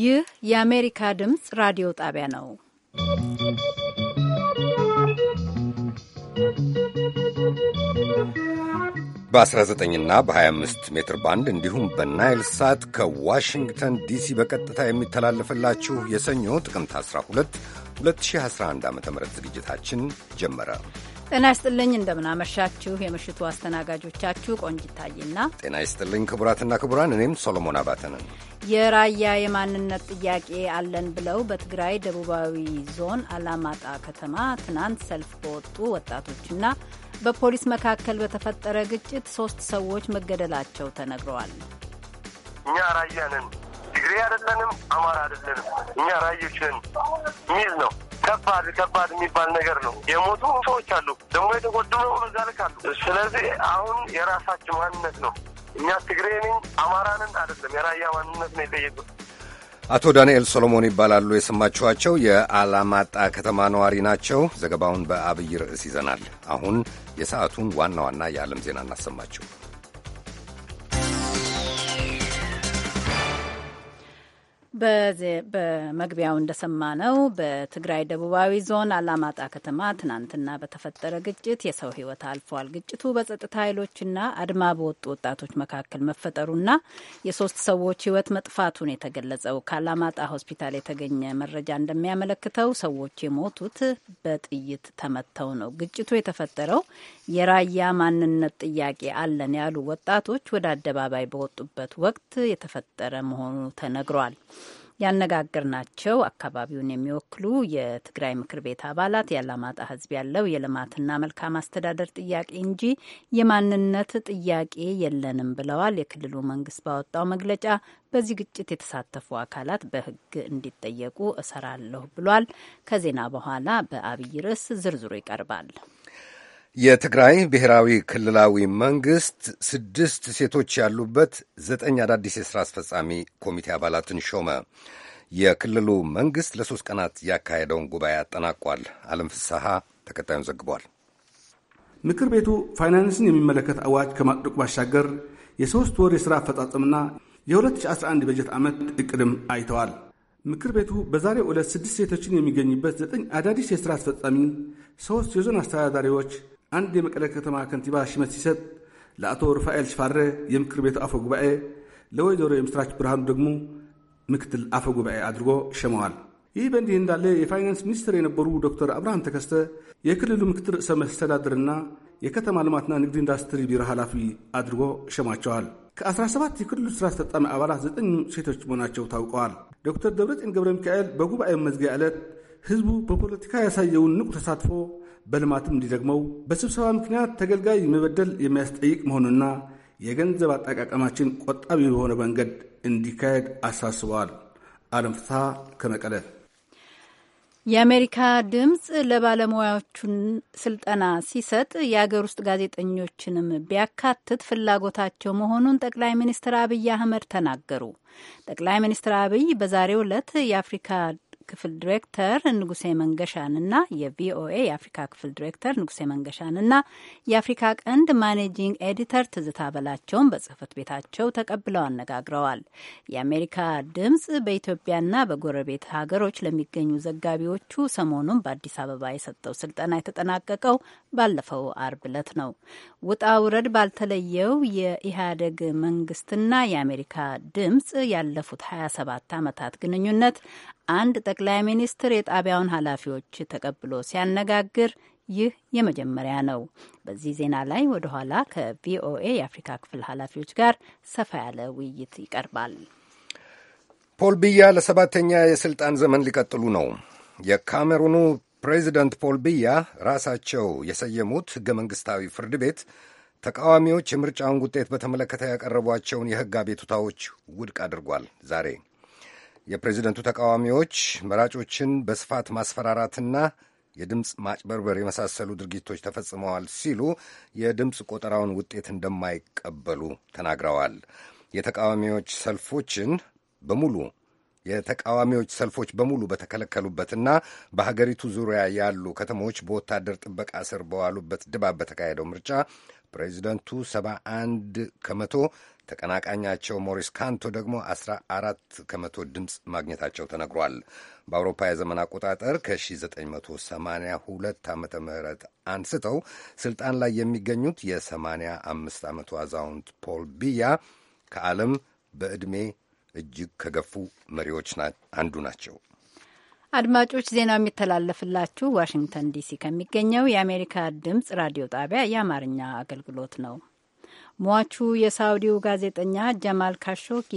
ይህ የአሜሪካ ድምፅ ራዲዮ ጣቢያ ነው። 19 እና በ25 ሜትር ባንድ እንዲሁም በናይል ሳት ከዋሽንግተን ዲሲ በቀጥታ የሚተላለፍላችሁ የሰኞ ጥቅምት 12 2011 ዓ ም ዝግጅታችን ጀመረ። ጤና ይስጥልኝ እንደምናመሻችሁ። የምሽቱ አስተናጋጆቻችሁ ቆንጅት ታይና፣ ጤና ይስጥልኝ ክቡራትና ክቡራን፣ እኔም ሶሎሞን አባተ ነን። የራያ የማንነት ጥያቄ አለን ብለው በትግራይ ደቡባዊ ዞን አላማጣ ከተማ ትናንት ሰልፍ በወጡ ወጣቶችና በፖሊስ መካከል በተፈጠረ ግጭት ሶስት ሰዎች መገደላቸው ተነግረዋል። እኛ ራያ ነን፣ ትግሬ አይደለንም፣ አማራ አይደለንም፣ እኛ ራዮች ነን ሚል ነው ከባድ ከባድ የሚባል ነገር ነው። የሞቱ ሰዎች አሉ፣ ደግሞ የተጎዱ በዛ ልክ አሉ። ስለዚህ አሁን የራሳችን ማንነት ነው። እኛ ትግሬን አማራንን አይደለም፣ የራያ ማንነት ነው የጠየቁት። አቶ ዳንኤል ሰሎሞን ይባላሉ የሰማችኋቸው። የአላማጣ ከተማ ነዋሪ ናቸው። ዘገባውን በአብይ ርዕስ ይዘናል። አሁን የሰዓቱን ዋና ዋና የዓለም ዜና እናሰማችሁ። በመግቢያው እንደሰማ ነው። በትግራይ ደቡባዊ ዞን አላማጣ ከተማ ትናንትና በተፈጠረ ግጭት የሰው ሕይወት አልፏል። ግጭቱ በጸጥታ ኃይሎችና አድማ በወጡ ወጣቶች መካከል መፈጠሩና የሶስት ሰዎች ሕይወት መጥፋቱን የተገለጸው ከአላማጣ ሆስፒታል የተገኘ መረጃ እንደሚያመለክተው ሰዎች የሞቱት በጥይት ተመተው ነው። ግጭቱ የተፈጠረው የራያ ማንነት ጥያቄ አለን ያሉ ወጣቶች ወደ አደባባይ በወጡበት ወቅት የተፈጠረ መሆኑ ተነግሯል። ያነጋገርናቸው አካባቢውን የሚወክሉ የትግራይ ምክር ቤት አባላት የአላማጣ ሕዝብ ያለው የልማትና መልካም አስተዳደር ጥያቄ እንጂ የማንነት ጥያቄ የለንም ብለዋል። የክልሉ መንግስት ባወጣው መግለጫ በዚህ ግጭት የተሳተፉ አካላት በሕግ እንዲጠየቁ እሰራለሁ ብሏል። ከዜና በኋላ በአብይ ርዕስ ዝርዝሩ ይቀርባል። የትግራይ ብሔራዊ ክልላዊ መንግሥት ስድስት ሴቶች ያሉበት ዘጠኝ አዳዲስ የሥራ አስፈጻሚ ኮሚቴ አባላትን ሾመ። የክልሉ መንግሥት ለሦስት ቀናት ያካሄደውን ጉባኤ አጠናቋል። አለም ፍስሐ ተከታዩን ዘግቧል። ምክር ቤቱ ፋይናንስን የሚመለከት አዋጅ ከማጽደቁ ባሻገር የሦስት ወር የሥራ አፈጻጸምና የ2011 በጀት ዓመት እቅድም አይተዋል። ምክር ቤቱ በዛሬው ዕለት ስድስት ሴቶችን የሚገኝበት ዘጠኝ አዳዲስ የሥራ አስፈጻሚ፣ ሦስት የዞን አስተዳዳሪዎች አንድ የመቀለ ከተማ ከንቲባ ሽመት ሲሰጥ ለአቶ ርፋኤል ሽፋሬ የምክር ቤቱ አፈ ጉባኤ፣ ለወይዘሮ የምስራች ብርሃኑ ደግሞ ምክትል አፈ ጉባኤ አድርጎ ሸመዋል። ይህ በእንዲህ እንዳለ የፋይናንስ ሚኒስትር የነበሩ ዶክተር አብርሃም ተከስተ የክልሉ ምክትል ርዕሰ መስተዳድርና የከተማ ልማትና ንግድ ኢንዱስትሪ ቢሮ ኃላፊ አድርጎ ሸማቸዋል። ከ17 የክልሉ ስራ አስፈጻሚ አባላት ዘጠኙ ሴቶች መሆናቸው ታውቀዋል። ዶክተር ደብረጽዮን ገብረ ሚካኤል በጉባኤው መዝጊያ ዕለት ህዝቡ በፖለቲካ ያሳየውን ንቁ ተሳትፎ በልማትም እንዲደግመው በስብሰባ ምክንያት ተገልጋይ መበደል የሚያስጠይቅ መሆኑና የገንዘብ አጠቃቀማችን ቆጣቢ በሆነ መንገድ እንዲካሄድ አሳስበዋል። አለም ፍትሐ ከመቀለ። የአሜሪካ ድምፅ ለባለሙያዎቹን ስልጠና ሲሰጥ የአገር ውስጥ ጋዜጠኞችንም ቢያካትት ፍላጎታቸው መሆኑን ጠቅላይ ሚኒስትር አብይ አህመድ ተናገሩ። ጠቅላይ ሚኒስትር አብይ በዛሬው ዕለት የአፍሪካ ክፍል ዲሬክተር ንጉሴ መንገሻንና የቪኦኤ የአፍሪካ ክፍል ዲሬክተር ንጉሴ መንገሻንና የአፍሪካ ቀንድ ማኔጂንግ ኤዲተር ትዝታ በላቸውን በጽህፈት ቤታቸው ተቀብለው አነጋግረዋል። የአሜሪካ ድምጽ በኢትዮጵያና በጎረቤት ሀገሮች ለሚገኙ ዘጋቢዎቹ ሰሞኑን በአዲስ አበባ የሰጠው ስልጠና የተጠናቀቀው ባለፈው አርብ ዕለት ነው። ውጣ ውረድ ባልተለየው የኢህአዴግ መንግስትና የአሜሪካ ድምጽ ያለፉት 27 ዓመታት ግንኙነት አንድ ጠቅላይ ሚኒስትር የጣቢያውን ኃላፊዎች ተቀብሎ ሲያነጋግር ይህ የመጀመሪያ ነው። በዚህ ዜና ላይ ወደ ኋላ ከቪኦኤ የአፍሪካ ክፍል ኃላፊዎች ጋር ሰፋ ያለ ውይይት ይቀርባል። ፖል ቢያ ለሰባተኛ የስልጣን ዘመን ሊቀጥሉ ነው። የካሜሩኑ ፕሬዚደንት ፖል ቢያ ራሳቸው የሰየሙት ሕገ መንግሥታዊ ፍርድ ቤት ተቃዋሚዎች የምርጫውን ውጤት በተመለከተ ያቀረቧቸውን የሕግ አቤቱታዎች ውድቅ አድርጓል ዛሬ የፕሬዚደንቱ ተቃዋሚዎች መራጮችን በስፋት ማስፈራራትና የድምፅ ማጭበርበር የመሳሰሉ ድርጊቶች ተፈጽመዋል ሲሉ የድምፅ ቆጠራውን ውጤት እንደማይቀበሉ ተናግረዋል። የተቃዋሚዎች ሰልፎችን በሙሉ የተቃዋሚዎች ሰልፎች በሙሉ በተከለከሉበትና በሀገሪቱ ዙሪያ ያሉ ከተሞች በወታደር ጥበቃ ስር በዋሉበት ድባብ በተካሄደው ምርጫ ፕሬዚደንቱ 71 ከመቶ ተቀናቃኛቸው ሞሪስ ካንቶ ደግሞ 14 ከመቶ ድምፅ ማግኘታቸው ተነግሯል። በአውሮፓ የዘመን አቆጣጠር ከ1982 ዓመተ ምህረት አንስተው ስልጣን ላይ የሚገኙት የ85 ዓመቱ አዛውንት ፖል ቢያ ከዓለም በዕድሜ እጅግ ከገፉ መሪዎች አንዱ ናቸው። አድማጮች ዜናው የሚተላለፍላችሁ ዋሽንግተን ዲሲ ከሚገኘው የአሜሪካ ድምፅ ራዲዮ ጣቢያ የአማርኛ አገልግሎት ነው። ሟቹ የሳውዲው ጋዜጠኛ ጀማል ካሾኪ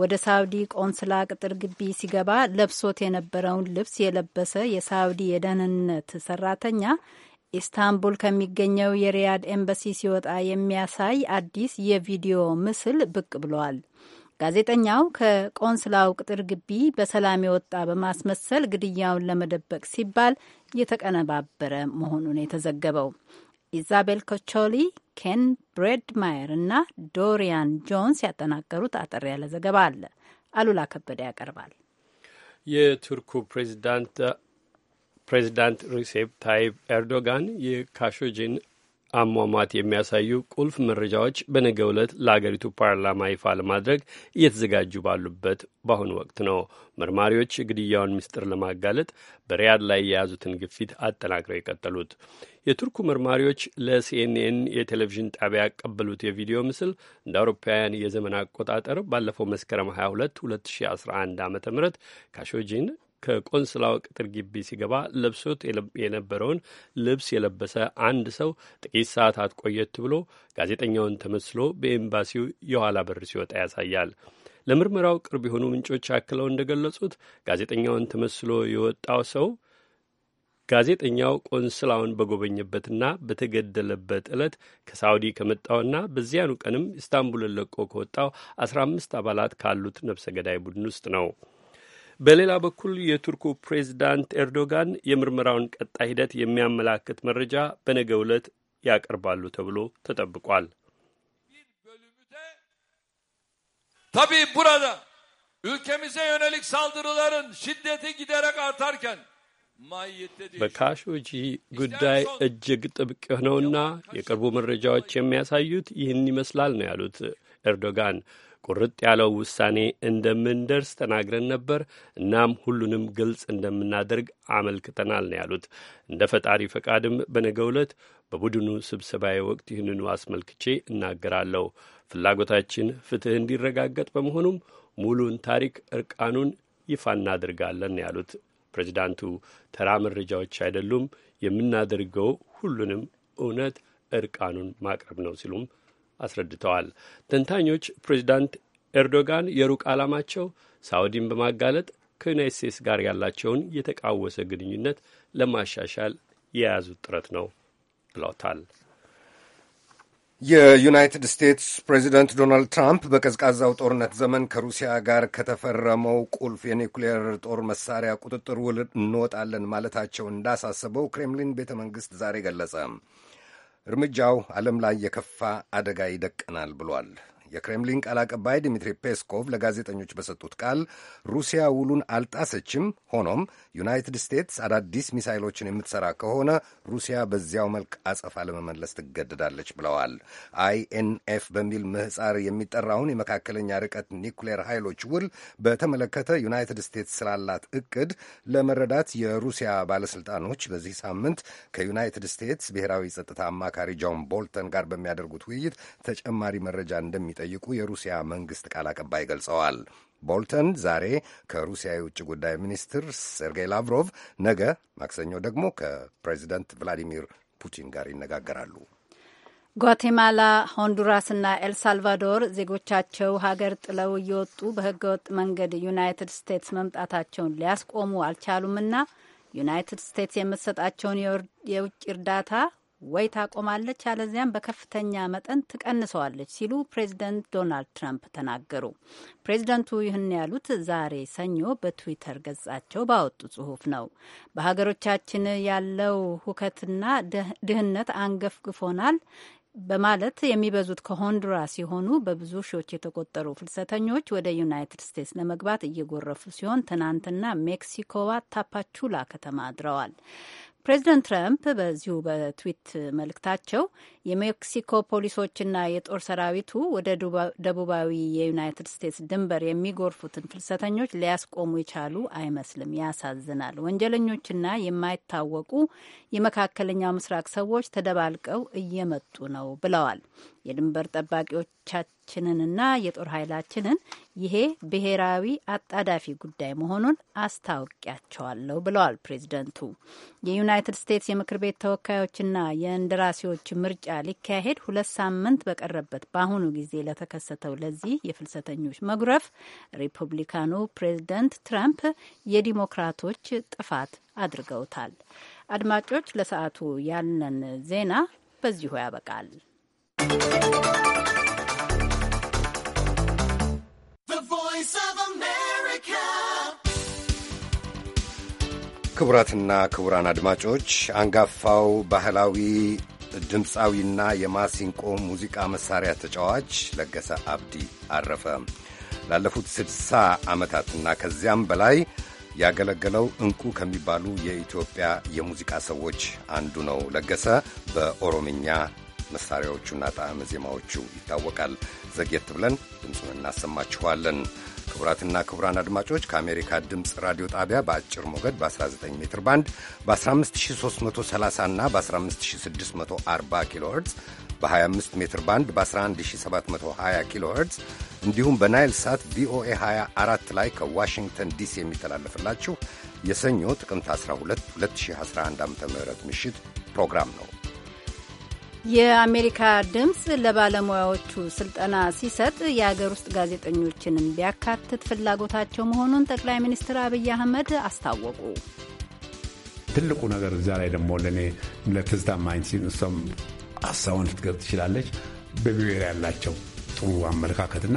ወደ ሳውዲ ቆንስላ ቅጥር ግቢ ሲገባ ለብሶት የነበረውን ልብስ የለበሰ የሳውዲ የደህንነት ሰራተኛ ኢስታንቡል ከሚገኘው የሪያድ ኤምባሲ ሲወጣ የሚያሳይ አዲስ የቪዲዮ ምስል ብቅ ብሏል። ጋዜጠኛው ከቆንስላው ቅጥር ግቢ በሰላም የወጣ በማስመሰል ግድያውን ለመደበቅ ሲባል እየተቀነባበረ መሆኑን የተዘገበው ኢዛቤል ኮቾሊ ኬን ብሬድማየር እና ዶሪያን ጆንስ ያጠናቀሩት አጠር ያለ ዘገባ አለ። አሉላ ከበደ ያቀርባል። የቱርኩ ፕሬዚዳንት ፕሬዚዳንት ሪሴፕ ታይብ ኤርዶጋን የካሾጂን አሟሟት የሚያሳዩ ቁልፍ መረጃዎች በነገ ዕለት ለአገሪቱ ፓርላማ ይፋ ለማድረግ እየተዘጋጁ ባሉበት በአሁኑ ወቅት ነው። መርማሪዎች ግድያውን ምስጢር ለማጋለጥ በሪያድ ላይ የያዙትን ግፊት አጠናክረው የቀጠሉት የቱርኩ መርማሪዎች ለሲኤንኤን የቴሌቪዥን ጣቢያ ያቀበሉት የቪዲዮ ምስል እንደ አውሮፓውያን የዘመን አቆጣጠር ባለፈው መስከረም 22 2011 ዓ ም ካሾጂን ከቆንስላው ቅጥር ግቢ ሲገባ ለብሶት የነበረውን ልብስ የለበሰ አንድ ሰው ጥቂት ሰዓታት ቆየት ብሎ ጋዜጠኛውን ተመስሎ በኤምባሲው የኋላ በር ሲወጣ ያሳያል። ለምርመራው ቅርብ የሆኑ ምንጮች አክለው እንደገለጹት ጋዜጠኛውን ተመስሎ የወጣው ሰው ጋዜጠኛው ቆንስላውን በጎበኘበትና በተገደለበት ዕለት ከሳውዲ ከመጣውና በዚያኑ ቀንም ኢስታንቡልን ለቆ ከወጣው አስራ አምስት አባላት ካሉት ነፍሰ ገዳይ ቡድን ውስጥ ነው። በሌላ በኩል የቱርኩ ፕሬዚዳንት ኤርዶጋን የምርመራውን ቀጣይ ሂደት የሚያመላክት መረጃ በነገ ዕለት ያቀርባሉ ተብሎ ተጠብቋል። ታቢ ቡራዳ ülkemize yönelik saldırıların şiddeti giderek artarken በካሾጂ ጉዳይ እጅግ ጥብቅ የሆነውና የቅርቡ መረጃዎች የሚያሳዩት ይህን ይመስላል ነው ያሉት ኤርዶጋን። ቁርጥ ያለው ውሳኔ እንደምንደርስ ተናግረን ነበር። እናም ሁሉንም ግልጽ እንደምናደርግ አመልክተናል ነው ያሉት። እንደ ፈጣሪ ፈቃድም በነገው ዕለት በቡድኑ ስብሰባዊ ወቅት ይህንኑ አስመልክቼ እናገራለሁ። ፍላጎታችን ፍትህ እንዲረጋገጥ በመሆኑም ሙሉን ታሪክ እርቃኑን ይፋ እናድርጋለን ያሉት ፕሬዚዳንቱ ተራ መረጃዎች አይደሉም፣ የምናደርገው ሁሉንም እውነት እርቃኑን ማቅረብ ነው ሲሉም አስረድተዋል። ተንታኞች ፕሬዚዳንት ኤርዶጋን የሩቅ ዓላማቸው ሳውዲን በማጋለጥ ከዩናይት ስቴትስ ጋር ያላቸውን የተቃወሰ ግንኙነት ለማሻሻል የያዙት ጥረት ነው ብለውታል። የዩናይትድ ስቴትስ ፕሬዚደንት ዶናልድ ትራምፕ በቀዝቃዛው ጦርነት ዘመን ከሩሲያ ጋር ከተፈረመው ቁልፍ የኒውክሌር ጦር መሳሪያ ቁጥጥር ውል እንወጣለን ማለታቸው እንዳሳሰበው ክሬምሊን ቤተ መንግሥት ዛሬ ገለጸ። እርምጃው ዓለም ላይ የከፋ አደጋ ይደቀናል ብሏል። የክሬምሊን ቃል አቀባይ ዲሚትሪ ፔስኮቭ ለጋዜጠኞች በሰጡት ቃል ሩሲያ ውሉን አልጣሰችም፣ ሆኖም ዩናይትድ ስቴትስ አዳዲስ ሚሳይሎችን የምትሰራ ከሆነ ሩሲያ በዚያው መልክ አጸፋ ለመመለስ ትገደዳለች ብለዋል። አይኤንኤፍ በሚል ምህፃር የሚጠራውን የመካከለኛ ርቀት ኒውክሌር ኃይሎች ውል በተመለከተ ዩናይትድ ስቴትስ ስላላት እቅድ ለመረዳት የሩሲያ ባለስልጣኖች በዚህ ሳምንት ከዩናይትድ ስቴትስ ብሔራዊ ጸጥታ አማካሪ ጆን ቦልተን ጋር በሚያደርጉት ውይይት ተጨማሪ መረጃ እንደሚጠ እንደሚጠይቁ የሩሲያ መንግሥት ቃል አቀባይ ገልጸዋል። ቦልተን ዛሬ ከሩሲያ የውጭ ጉዳይ ሚኒስትር ሴርጌይ ላቭሮቭ፣ ነገ ማክሰኞ ደግሞ ከፕሬዚደንት ቭላዲሚር ፑቲን ጋር ይነጋገራሉ። ጓቴማላ፣ ሆንዱራስና ኤልሳልቫዶር ዜጎቻቸው ሀገር ጥለው እየወጡ በህገወጥ መንገድ ዩናይትድ ስቴትስ መምጣታቸውን ሊያስቆሙ አልቻሉምና ዩናይትድ ስቴትስ የምትሰጣቸውን የውጭ እርዳታ ወይ ታቆማለች፣ አለዚያም በከፍተኛ መጠን ትቀንሰዋለች ሲሉ ፕሬዚደንት ዶናልድ ትራምፕ ተናገሩ። ፕሬዚደንቱ ይህን ያሉት ዛሬ ሰኞ በትዊተር ገጻቸው ባወጡ ጽሁፍ ነው። በሀገሮቻችን ያለው ሁከትና ድህነት አንገፍግፎናል በማለት የሚበዙት ከሆንዱራስ ሲሆኑ በብዙ ሺዎች የተቆጠሩ ፍልሰተኞች ወደ ዩናይትድ ስቴትስ ለመግባት እየጎረፉ ሲሆን ትናንትና ሜክሲኮዋ ታፓቹላ ከተማ አድረዋል። ፕሬዚደንት ትራምፕ በዚሁ በትዊት መልእክታቸው የሜክሲኮ ፖሊሶችና የጦር ሰራዊቱ ወደ ደቡባዊ የዩናይትድ ስቴትስ ድንበር የሚጎርፉትን ፍልሰተኞች ሊያስቆሙ የቻሉ አይመስልም፣ ያሳዝናል። ወንጀለኞችና የማይታወቁ የመካከለኛው ምስራቅ ሰዎች ተደባልቀው እየመጡ ነው ብለዋል። የድንበር ጠባቂዎቻ ችንንና የጦር ኃይላችንን ይሄ ብሔራዊ አጣዳፊ ጉዳይ መሆኑን አስታውቂያቸዋለሁ ብለዋል ፕሬዚደንቱ። የዩናይትድ ስቴትስ የምክር ቤት ተወካዮችና የእንደራሴዎች ምርጫ ሊካሄድ ሁለት ሳምንት በቀረበት በአሁኑ ጊዜ ለተከሰተው ለዚህ የፍልሰተኞች መጉረፍ ሪፑብሊካኑ ፕሬዚደንት ትራምፕ የዲሞክራቶች ጥፋት አድርገውታል። አድማጮች፣ ለሰዓቱ ያለን ዜና በዚሁ ያበቃል። ክቡራትና ክቡራን አድማጮች አንጋፋው ባህላዊ ድምፃዊና የማሲንቆ ሙዚቃ መሳሪያ ተጫዋች ለገሰ አብዲ አረፈ። ላለፉት ስድሳ ዓመታትና ከዚያም በላይ ያገለገለው እንቁ ከሚባሉ የኢትዮጵያ የሙዚቃ ሰዎች አንዱ ነው። ለገሰ በኦሮምኛ መሳሪያዎቹና ጣዕመ ዜማዎቹ ይታወቃል። ዘግየት ብለን ድምፁን እናሰማችኋለን። ክቡራትና ክቡራን አድማጮች ከአሜሪካ ድምፅ ራዲዮ ጣቢያ በአጭር ሞገድ በ19 ሜትር ባንድ በ15330 እና በ15640 ኪሎ በ25 ሜትር ባንድ በ11720 ኪሎ ሄርዝ እንዲሁም በናይል ሳት ቪኦኤ 24 ላይ ከዋሽንግተን ዲሲ የሚተላለፍላችሁ የሰኞ ጥቅምት 12 2011 ዓ ም ምሽት ፕሮግራም ነው። የአሜሪካ ድምፅ ለባለሙያዎቹ ስልጠና ሲሰጥ የአገር ውስጥ ጋዜጠኞችንም ቢያካትት ፍላጎታቸው መሆኑን ጠቅላይ ሚኒስትር አብይ አህመድ አስታወቁ። ትልቁ ነገር እዛ ላይ ደግሞ ለእኔ ለትዝታ ማኝ ሲ እሷም ሀሳቧን ልትገልጽ ትችላለች። በብሔር ያላቸው ጥሩ አመለካከትና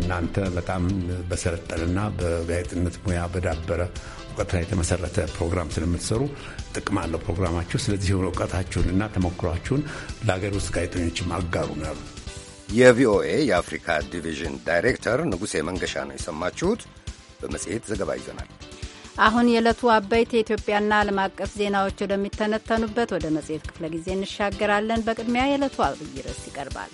እናንተ በጣም በሰለጠነና በጋዜጠነት ሙያ በዳበረ እውቀት ላይ የተመሰረተ ፕሮግራም ስለምትሰሩ ጥቅም አለው ፕሮግራማችሁ። ስለዚህ እውቀታችሁንና ተሞክሯችሁን ለሀገር ውስጥ ጋዜጠኞችም አጋሩ ነው ያሉ የቪኦኤ የአፍሪካ ዲቪዥን ዳይሬክተር ንጉሴ መንገሻ ነው የሰማችሁት። በመጽሔት ዘገባ ይዘናል። አሁን የዕለቱ አበይት የኢትዮጵያና ዓለም አቀፍ ዜናዎች ወደሚተነተኑበት ወደ መጽሔት ክፍለ ጊዜ እንሻገራለን። በቅድሚያ የዕለቱ አብይ ርዕስ ይቀርባል።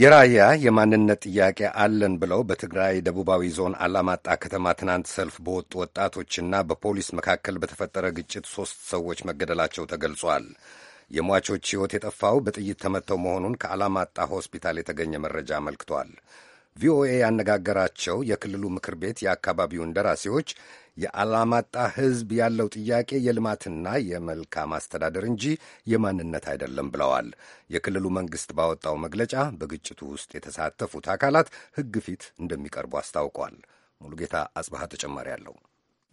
የራያ የማንነት ጥያቄ አለን ብለው በትግራይ ደቡባዊ ዞን አላማጣ ከተማ ትናንት ሰልፍ በወጡ ወጣቶችና በፖሊስ መካከል በተፈጠረ ግጭት ሦስት ሰዎች መገደላቸው ተገልጿል። የሟቾች ሕይወት የጠፋው በጥይት ተመተው መሆኑን ከአላማጣ ሆስፒታል የተገኘ መረጃ አመልክቷል። ቪኦኤ ያነጋገራቸው የክልሉ ምክር ቤት የአካባቢውን ደራሲዎች የአላማጣ ሕዝብ ያለው ጥያቄ የልማትና የመልካም አስተዳደር እንጂ የማንነት አይደለም ብለዋል። የክልሉ መንግሥት ባወጣው መግለጫ በግጭቱ ውስጥ የተሳተፉት አካላት ሕግ ፊት እንደሚቀርቡ አስታውቋል። ሙሉጌታ አጽባሃ ተጨማሪ አለው።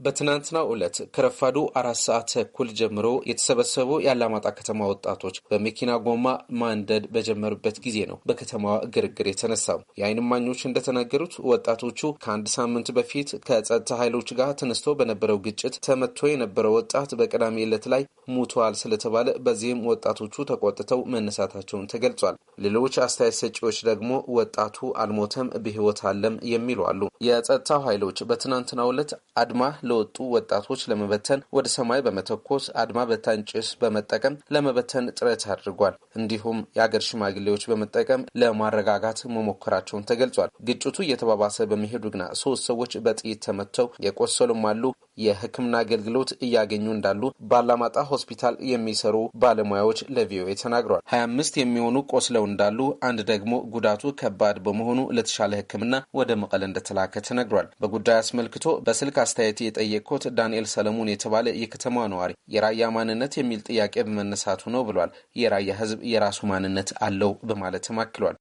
በትናንትናው ዕለት ከረፋዱ አራት ሰዓት ተኩል ጀምሮ የተሰበሰቡ የአላማጣ ከተማ ወጣቶች በመኪና ጎማ ማንደድ በጀመሩበት ጊዜ ነው በከተማዋ ግርግር የተነሳው። የዓይን እማኞች እንደተናገሩት ወጣቶቹ ከአንድ ሳምንት በፊት ከጸጥታ ኃይሎች ጋር ተነስቶ በነበረው ግጭት ተመቶ የነበረው ወጣት በቅዳሜ ዕለት ላይ ሙቷል ስለተባለ በዚህም ወጣቶቹ ተቆጥተው መነሳታቸውን ተገልጿል። ሌሎች አስተያየት ሰጪዎች ደግሞ ወጣቱ አልሞተም በሕይወት አለም የሚሉ አሉ። የጸጥታው ኃይሎች በትናንትናው ዕለት አድማ ለወጡ ወጣቶች ለመበተን ወደ ሰማይ በመተኮስ አድማ በታኝ ጭስ በመጠቀም ለመበተን ጥረት አድርጓል። እንዲሁም የአገር ሽማግሌዎች በመጠቀም ለማረጋጋት መሞከራቸውን ተገልጿል። ግጭቱ እየተባባሰ በመሄዱ ግና ሶስት ሰዎች በጥይት ተመተው የቆሰሉም አሉ። የሕክምና አገልግሎት እያገኙ እንዳሉ ባላማጣ ሆስፒታል የሚሰሩ ባለሙያዎች ለቪኦኤ ተናግሯል። ሀያ አምስት የሚሆኑ ቆስለው እንዳሉ፣ አንድ ደግሞ ጉዳቱ ከባድ በመሆኑ ለተሻለ ሕክምና ወደ መቀለ እንደተላከ ተነግሯል። በጉዳይ አስመልክቶ በስልክ አስተያየት የጠየቅኩት ዳንኤል ሰለሞን የተባለ የከተማ ነዋሪ የራያ ማንነት የሚል ጥያቄ በመነሳቱ ነው ብሏል። የራያ ሕዝብ የራሱ ማንነት አለው በማለትም አክሏል።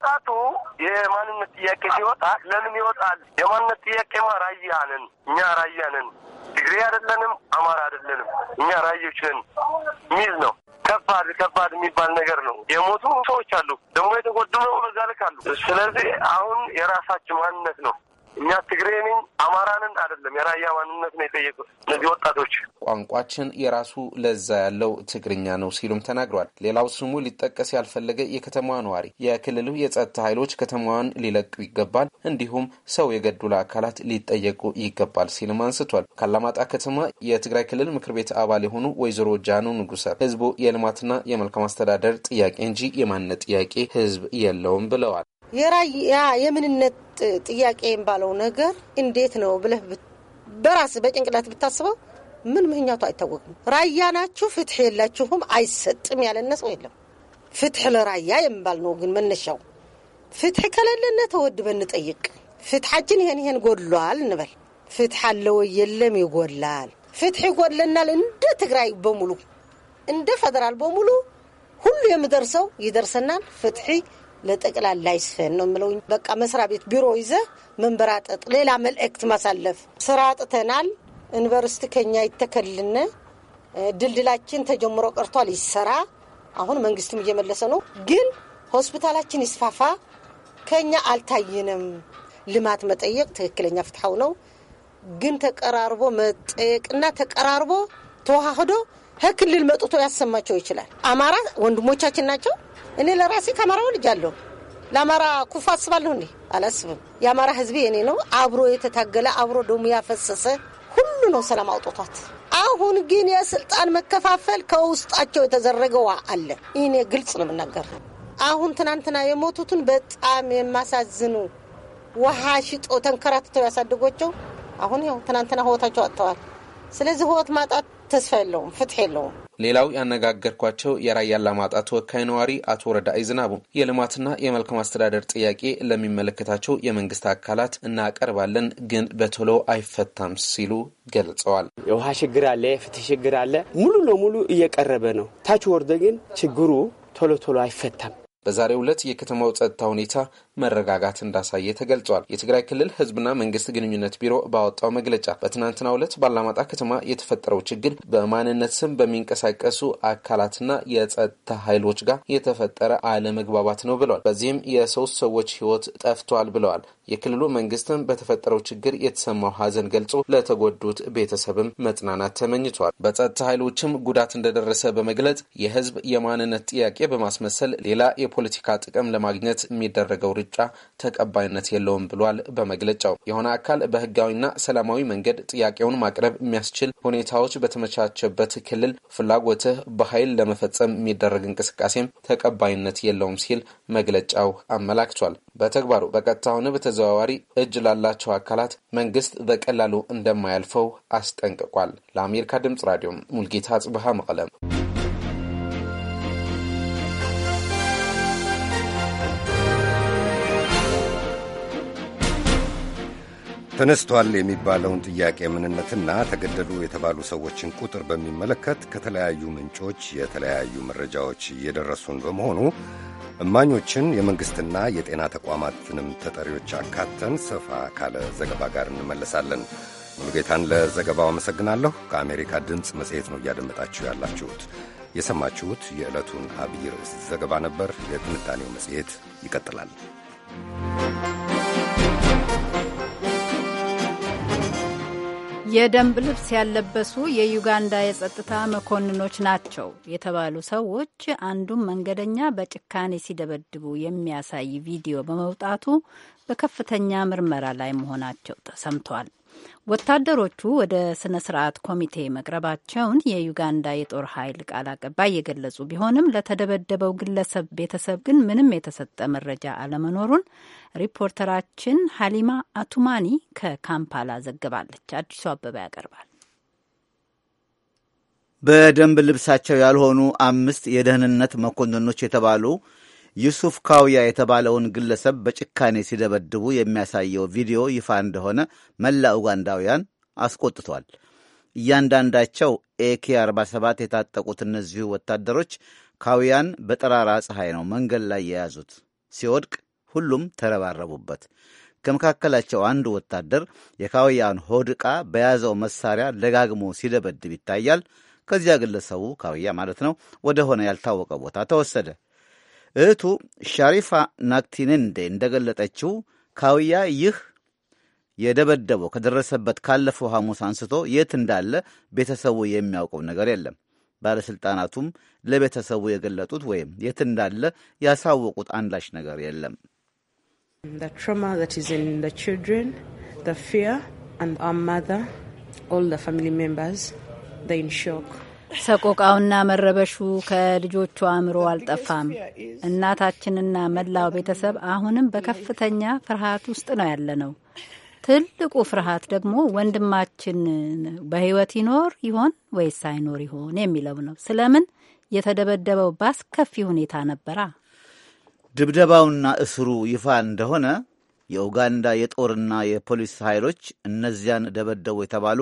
የማንነት ጥያቄ ሲወጣ ለምን ይወጣል? የማንነት ጥያቄማ ራያ ነን እኛ ራያ ነን ትግሬ አይደለንም፣ አማራ አይደለንም። እኛ ራዮች ነን የሚል ነው። ከባድ ከባድ የሚባል ነገር ነው። የሞቱ ሰዎች አሉ፣ ደግሞ የተጎዱ በዛልክ በዛ ልክ አሉ። ስለዚህ አሁን የራሳችን ማንነት ነው እኛ ትግሬ ነኝ አማራንን አይደለም የራያ ማንነት ነው የጠየቁት እነዚህ ወጣቶች። ቋንቋችን የራሱ ለዛ ያለው ትግርኛ ነው ሲሉም ተናግሯል። ሌላው ስሙ ሊጠቀስ ያልፈለገ የከተማዋ ነዋሪ የክልሉ የጸጥታ ኃይሎች ከተማዋን ሊለቁ ይገባል፣ እንዲሁም ሰው የገደሉ አካላት ሊጠየቁ ይገባል ሲልም አንስቷል። ካላማጣ ከተማ የትግራይ ክልል ምክር ቤት አባል የሆኑ ወይዘሮ ጃኑ ንጉሰ ህዝቡ የልማትና የመልካም አስተዳደር ጥያቄ እንጂ የማንነት ጥያቄ ህዝብ የለውም ብለዋል። የራያ የምንነት ጥያቄ የምባለው ነገር እንዴት ነው ብለህ በራስ በጭንቅላት ብታስበው ምን ምህኛቱ አይታወቅም። ራያ ናችሁ ፍትሕ የላችሁም አይሰጥም ያለነ ሰው የለም። ፍትሕ ለራያ የሚባል ነው ግን መነሻው ፍትሕ ከሌለነ ተወድበን እንጠይቅ። ፍትሓችን ይሄን ይሄን ጎድሏል እንበል። ፍትሕ አለወ የለም ይጎላል። ፍትሕ ይጎድለናል። እንደ ትግራይ በሙሉ እንደ ፌደራል በሙሉ ሁሉ የምደርሰው ይደርሰናል ፍትሒ ለጠቅላላ ይስፈን ነው የምለው። በቃ መስሪያ ቤት ቢሮ ይዘ መንበራጠጥ፣ ሌላ መልእክት ማሳለፍ። ስራ አጥተናል፣ ዩኒቨርስቲ ከኛ ይተከልነ፣ ድልድላችን ተጀምሮ ቀርቷል፣ ይሰራ። አሁን መንግስትም እየመለሰ ነው፣ ግን ሆስፒታላችን ይስፋፋ፣ ከኛ አልታይንም። ልማት መጠየቅ ትክክለኛ ፍትሐው ነው፣ ግን ተቀራርቦ መጠየቅና ተቀራርቦ ተዋህዶ ከክልል መጥቶ ያሰማቸው ይችላል። አማራ ወንድሞቻችን ናቸው። እኔ ለራሴ ከአማራ ልጅ አለሁ። ለአማራ ኩፉ አስባለሁ እንዴ? አላስብም። የአማራ ህዝብ የኔ ነው። አብሮ የተታገለ አብሮ ደሙ ያፈሰሰ ሁሉ ነው ሰላም አውጥቷት። አሁን ግን የስልጣን መከፋፈል ከውስጣቸው የተዘረገ ዋ አለ። እኔ ግልጽ ነው የምናገር። አሁን ትናንትና የሞቱትን በጣም የማሳዝኑ ውሃ ሽጦ ተንከራትተው ያሳድጓቸው አሁን ያው ትናንትና ህይወታቸው አጥተዋል። ስለዚህ ህይወት ማጣት ተስፋ የለውም፣ ፍትሕ የለውም። ሌላው ያነጋገርኳቸው የራያ አላማጣ ተወካይ ነዋሪ አቶ ረዳኢ ዝናቡ የልማትና የመልካም አስተዳደር ጥያቄ ለሚመለከታቸው የመንግስት አካላት እናቀርባለን፣ ግን በቶሎ አይፈታም ሲሉ ገልጸዋል። የውሃ ችግር አለ፣ የፍትህ ችግር አለ። ሙሉ ለሙሉ እየቀረበ ነው። ታች ወርደ ግን ችግሩ ቶሎ ቶሎ አይፈታም። በዛሬው ዕለት የከተማው ጸጥታ ሁኔታ መረጋጋት እንዳሳየ ተገልጿል። የትግራይ ክልል ህዝብና መንግስት ግንኙነት ቢሮ ባወጣው መግለጫ በትናንትናው ዕለት ባላማጣ ከተማ የተፈጠረው ችግር በማንነት ስም በሚንቀሳቀሱ አካላትና የጸጥታ ኃይሎች ጋር የተፈጠረ አለመግባባት ነው ብለዋል። በዚህም የሶስት ሰዎች ህይወት ጠፍቷል ብለዋል። የክልሉ መንግስትም በተፈጠረው ችግር የተሰማው ሀዘን ገልጾ ለተጎዱት ቤተሰብም መጽናናት ተመኝቷል። በጸጥታ ኃይሎችም ጉዳት እንደደረሰ በመግለጽ የህዝብ የማንነት ጥያቄ በማስመሰል ሌላ የ የፖለቲካ ጥቅም ለማግኘት የሚደረገው ርጫ ተቀባይነት የለውም ብሏል በመግለጫው። የሆነ አካል በህጋዊና ሰላማዊ መንገድ ጥያቄውን ማቅረብ የሚያስችል ሁኔታዎች በተመቻቸበት ክልል ፍላጎትህ በኃይል ለመፈጸም የሚደረግ እንቅስቃሴም ተቀባይነት የለውም ሲል መግለጫው አመላክቷል። በተግባሩ በቀጥታ ሆነ በተዘዋዋሪ እጅ ላላቸው አካላት መንግስት በቀላሉ እንደማያልፈው አስጠንቅቋል። ለአሜሪካ ድምጽ ራዲዮም ሙልጌታ ጽብሃ መቀለም ተነስቷል የሚባለውን ጥያቄ ምንነትና ተገደሉ የተባሉ ሰዎችን ቁጥር በሚመለከት ከተለያዩ ምንጮች የተለያዩ መረጃዎች እየደረሱን በመሆኑ እማኞችን የመንግሥትና የጤና ተቋማትንም ተጠሪዎች አካተን ሰፋ ካለ ዘገባ ጋር እንመለሳለን። ሙሉጌታን ለዘገባው አመሰግናለሁ። ከአሜሪካ ድምፅ መጽሔት ነው እያደመጣችሁ ያላችሁት። የሰማችሁት የዕለቱን አብይ ርዕስ ዘገባ ነበር። የትንታኔው መጽሔት ይቀጥላል። የደንብ ልብስ ያለበሱ የዩጋንዳ የጸጥታ መኮንኖች ናቸው የተባሉ ሰዎች አንዱን መንገደኛ በጭካኔ ሲደበድቡ የሚያሳይ ቪዲዮ በመውጣቱ በከፍተኛ ምርመራ ላይ መሆናቸው ተሰምቷል። ወታደሮቹ ወደ ስነ ስርዓት ኮሚቴ መቅረባቸውን የዩጋንዳ የጦር ኃይል ቃል አቀባይ የገለጹ ቢሆንም ለተደበደበው ግለሰብ ቤተሰብ ግን ምንም የተሰጠ መረጃ አለመኖሩን ሪፖርተራችን ሀሊማ አቱማኒ ከካምፓላ ዘግባለች። አዲሱ አበባ ያቀርባል። በደንብ ልብሳቸው ያልሆኑ አምስት የደህንነት መኮንኖች የተባሉ ዩሱፍ ካውያ የተባለውን ግለሰብ በጭካኔ ሲደበድቡ የሚያሳየው ቪዲዮ ይፋ እንደሆነ መላ ኡጋንዳውያን አስቆጥቷል። እያንዳንዳቸው ኤኬ 47 የታጠቁት እነዚሁ ወታደሮች ካውያን በጠራራ ፀሐይ ነው መንገድ ላይ የያዙት። ሲወድቅ ሁሉም ተረባረቡበት። ከመካከላቸው አንድ ወታደር የካውያን ሆድ ዕቃ በያዘው መሳሪያ ደጋግሞ ሲደበድብ ይታያል። ከዚያ ግለሰቡ ካውያ ማለት ነው ወደ ሆነ ያልታወቀ ቦታ ተወሰደ። እህቱ ሻሪፋ ናክቲንንዴ እንደገለጠችው ካውያ ይህ የደበደበው ከደረሰበት ካለፈው ሐሙስ አንስቶ የት እንዳለ ቤተሰቡ የሚያውቀው ነገር የለም። ባለሥልጣናቱም ለቤተሰቡ የገለጡት ወይም የት እንዳለ ያሳወቁት አንዳች ነገር የለም። ኦል ፋሚሊ ሜምበርስ ሾክ ሰቆቃውና መረበሹ ከልጆቹ አእምሮ አልጠፋም። እናታችንና መላው ቤተሰብ አሁንም በከፍተኛ ፍርሃት ውስጥ ነው ያለነው። ትልቁ ፍርሃት ደግሞ ወንድማችን በሕይወት ይኖር ይሆን ወይስ አይኖር ይሆን የሚለው ነው። ስለምን የተደበደበው ባስከፊ ሁኔታ ነበራ። ድብደባውና እስሩ ይፋ እንደሆነ የኡጋንዳ የጦርና የፖሊስ ኃይሎች እነዚያን ደበደቡ የተባሉ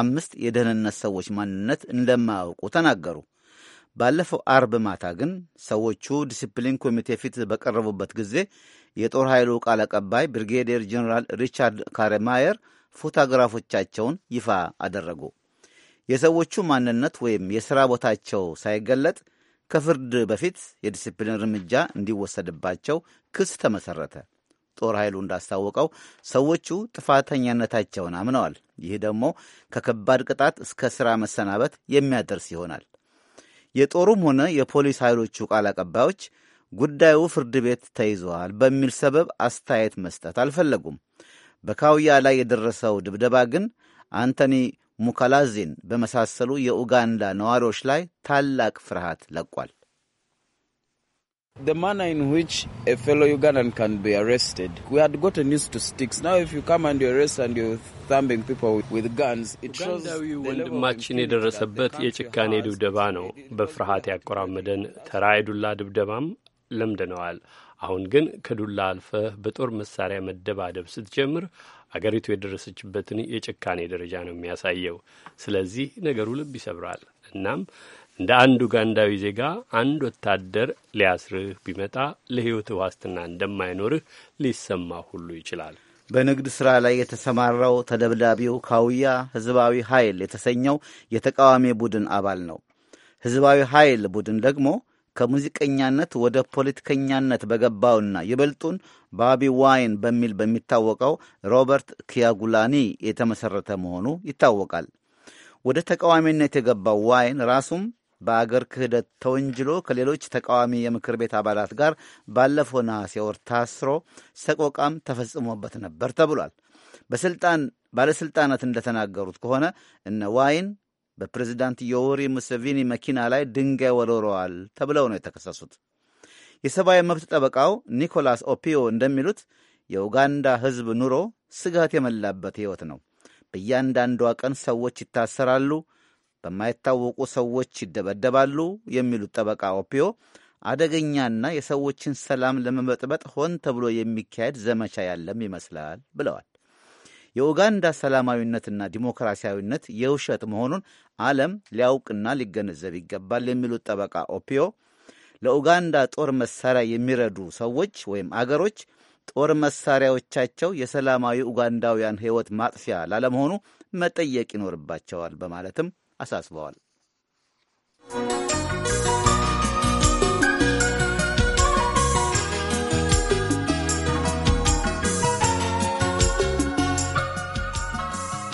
አምስት የደህንነት ሰዎች ማንነት እንደማያውቁ ተናገሩ። ባለፈው አርብ ማታ ግን ሰዎቹ ዲሲፕሊን ኮሚቴ ፊት በቀረቡበት ጊዜ የጦር ኃይሉ ቃል አቀባይ ብሪጌዲየር ጀኔራል ሪቻርድ ካሬማየር ፎቶግራፎቻቸውን ይፋ አደረጉ። የሰዎቹ ማንነት ወይም የሥራ ቦታቸው ሳይገለጥ ከፍርድ በፊት የዲሲፕሊን እርምጃ እንዲወሰድባቸው ክስ ተመሠረተ። ጦር ኃይሉ እንዳስታወቀው ሰዎቹ ጥፋተኛነታቸውን አምነዋል። ይህ ደግሞ ከከባድ ቅጣት እስከ ሥራ መሰናበት የሚያደርስ ይሆናል። የጦሩም ሆነ የፖሊስ ኃይሎቹ ቃል አቀባዮች ጉዳዩ ፍርድ ቤት ተይዘዋል በሚል ሰበብ አስተያየት መስጠት አልፈለጉም። በካውያ ላይ የደረሰው ድብደባ ግን አንቶኒ ሙካላዚን በመሳሰሉ የኡጋንዳ ነዋሪዎች ላይ ታላቅ ፍርሃት ለቋል። The manner in which a fellow Ugandan can be arrested. We had gotten used to sticks. Now if you come and you arrest and you thumbing people with guns, it shows ኡጋንዳዊ ወንድማችን የደረሰበት የጭካኔ ድብደባ ነው። በፍርሃት ያቆራመደን ተራ የዱላ ድብደባም ለምደነዋል። አሁን ግን ከዱላ አልፈህ በጦር መሳሪያ መደባደብ ስትጀምር አገሪቱ የደረሰችበትን የጭካኔ ደረጃ ነው የሚያሳየው። ስለዚህ ነገሩ ልብ ይሰብራል። እናም እንደ አንድ ኡጋንዳዊ ዜጋ አንድ ወታደር ሊያስርህ ቢመጣ ለህይወት ዋስትና እንደማይኖርህ ሊሰማ ሁሉ ይችላል። በንግድ ሥራ ላይ የተሰማራው ተደብዳቢው ካውያ ሕዝባዊ ኃይል የተሰኘው የተቃዋሚ ቡድን አባል ነው። ሕዝባዊ ኃይል ቡድን ደግሞ ከሙዚቀኛነት ወደ ፖለቲከኛነት በገባውና ይበልጡን ባቢ ዋይን በሚል በሚታወቀው ሮበርት ኪያጉላኒ የተመሠረተ መሆኑ ይታወቃል። ወደ ተቃዋሚነት የገባው ዋይን ራሱም በአገር ክህደት ተወንጅሎ ከሌሎች ተቃዋሚ የምክር ቤት አባላት ጋር ባለፈው ነሐሴ ወር ታስሮ ሰቆቃም ተፈጽሞበት ነበር ተብሏል። በስልጣን ባለሥልጣናት እንደተናገሩት ከሆነ እነ ዋይን በፕሬዚዳንት ዮዌሪ ሙሴቪኒ መኪና ላይ ድንጋይ ወርውረዋል ተብለው ነው የተከሰሱት። የሰብአዊ መብት ጠበቃው ኒኮላስ ኦፒዮ እንደሚሉት የኡጋንዳ ሕዝብ ኑሮ ስጋት የሞላበት ሕይወት ነው። በእያንዳንዷ ቀን ሰዎች ይታሰራሉ፣ በማይታወቁ ሰዎች ይደበደባሉ የሚሉት ጠበቃ ኦፒዮ አደገኛና የሰዎችን ሰላም ለመበጥበጥ ሆን ተብሎ የሚካሄድ ዘመቻ ያለም ይመስላል ብለዋል። የኡጋንዳ ሰላማዊነትና ዲሞክራሲያዊነት የውሸት መሆኑን ዓለም ሊያውቅና ሊገነዘብ ይገባል የሚሉት ጠበቃ ኦፒዮ ለኡጋንዳ ጦር መሳሪያ የሚረዱ ሰዎች ወይም አገሮች ጦር መሳሪያዎቻቸው የሰላማዊ ኡጋንዳውያን ሕይወት ማጥፊያ ላለመሆኑ መጠየቅ ይኖርባቸዋል በማለትም አሳስበዋል።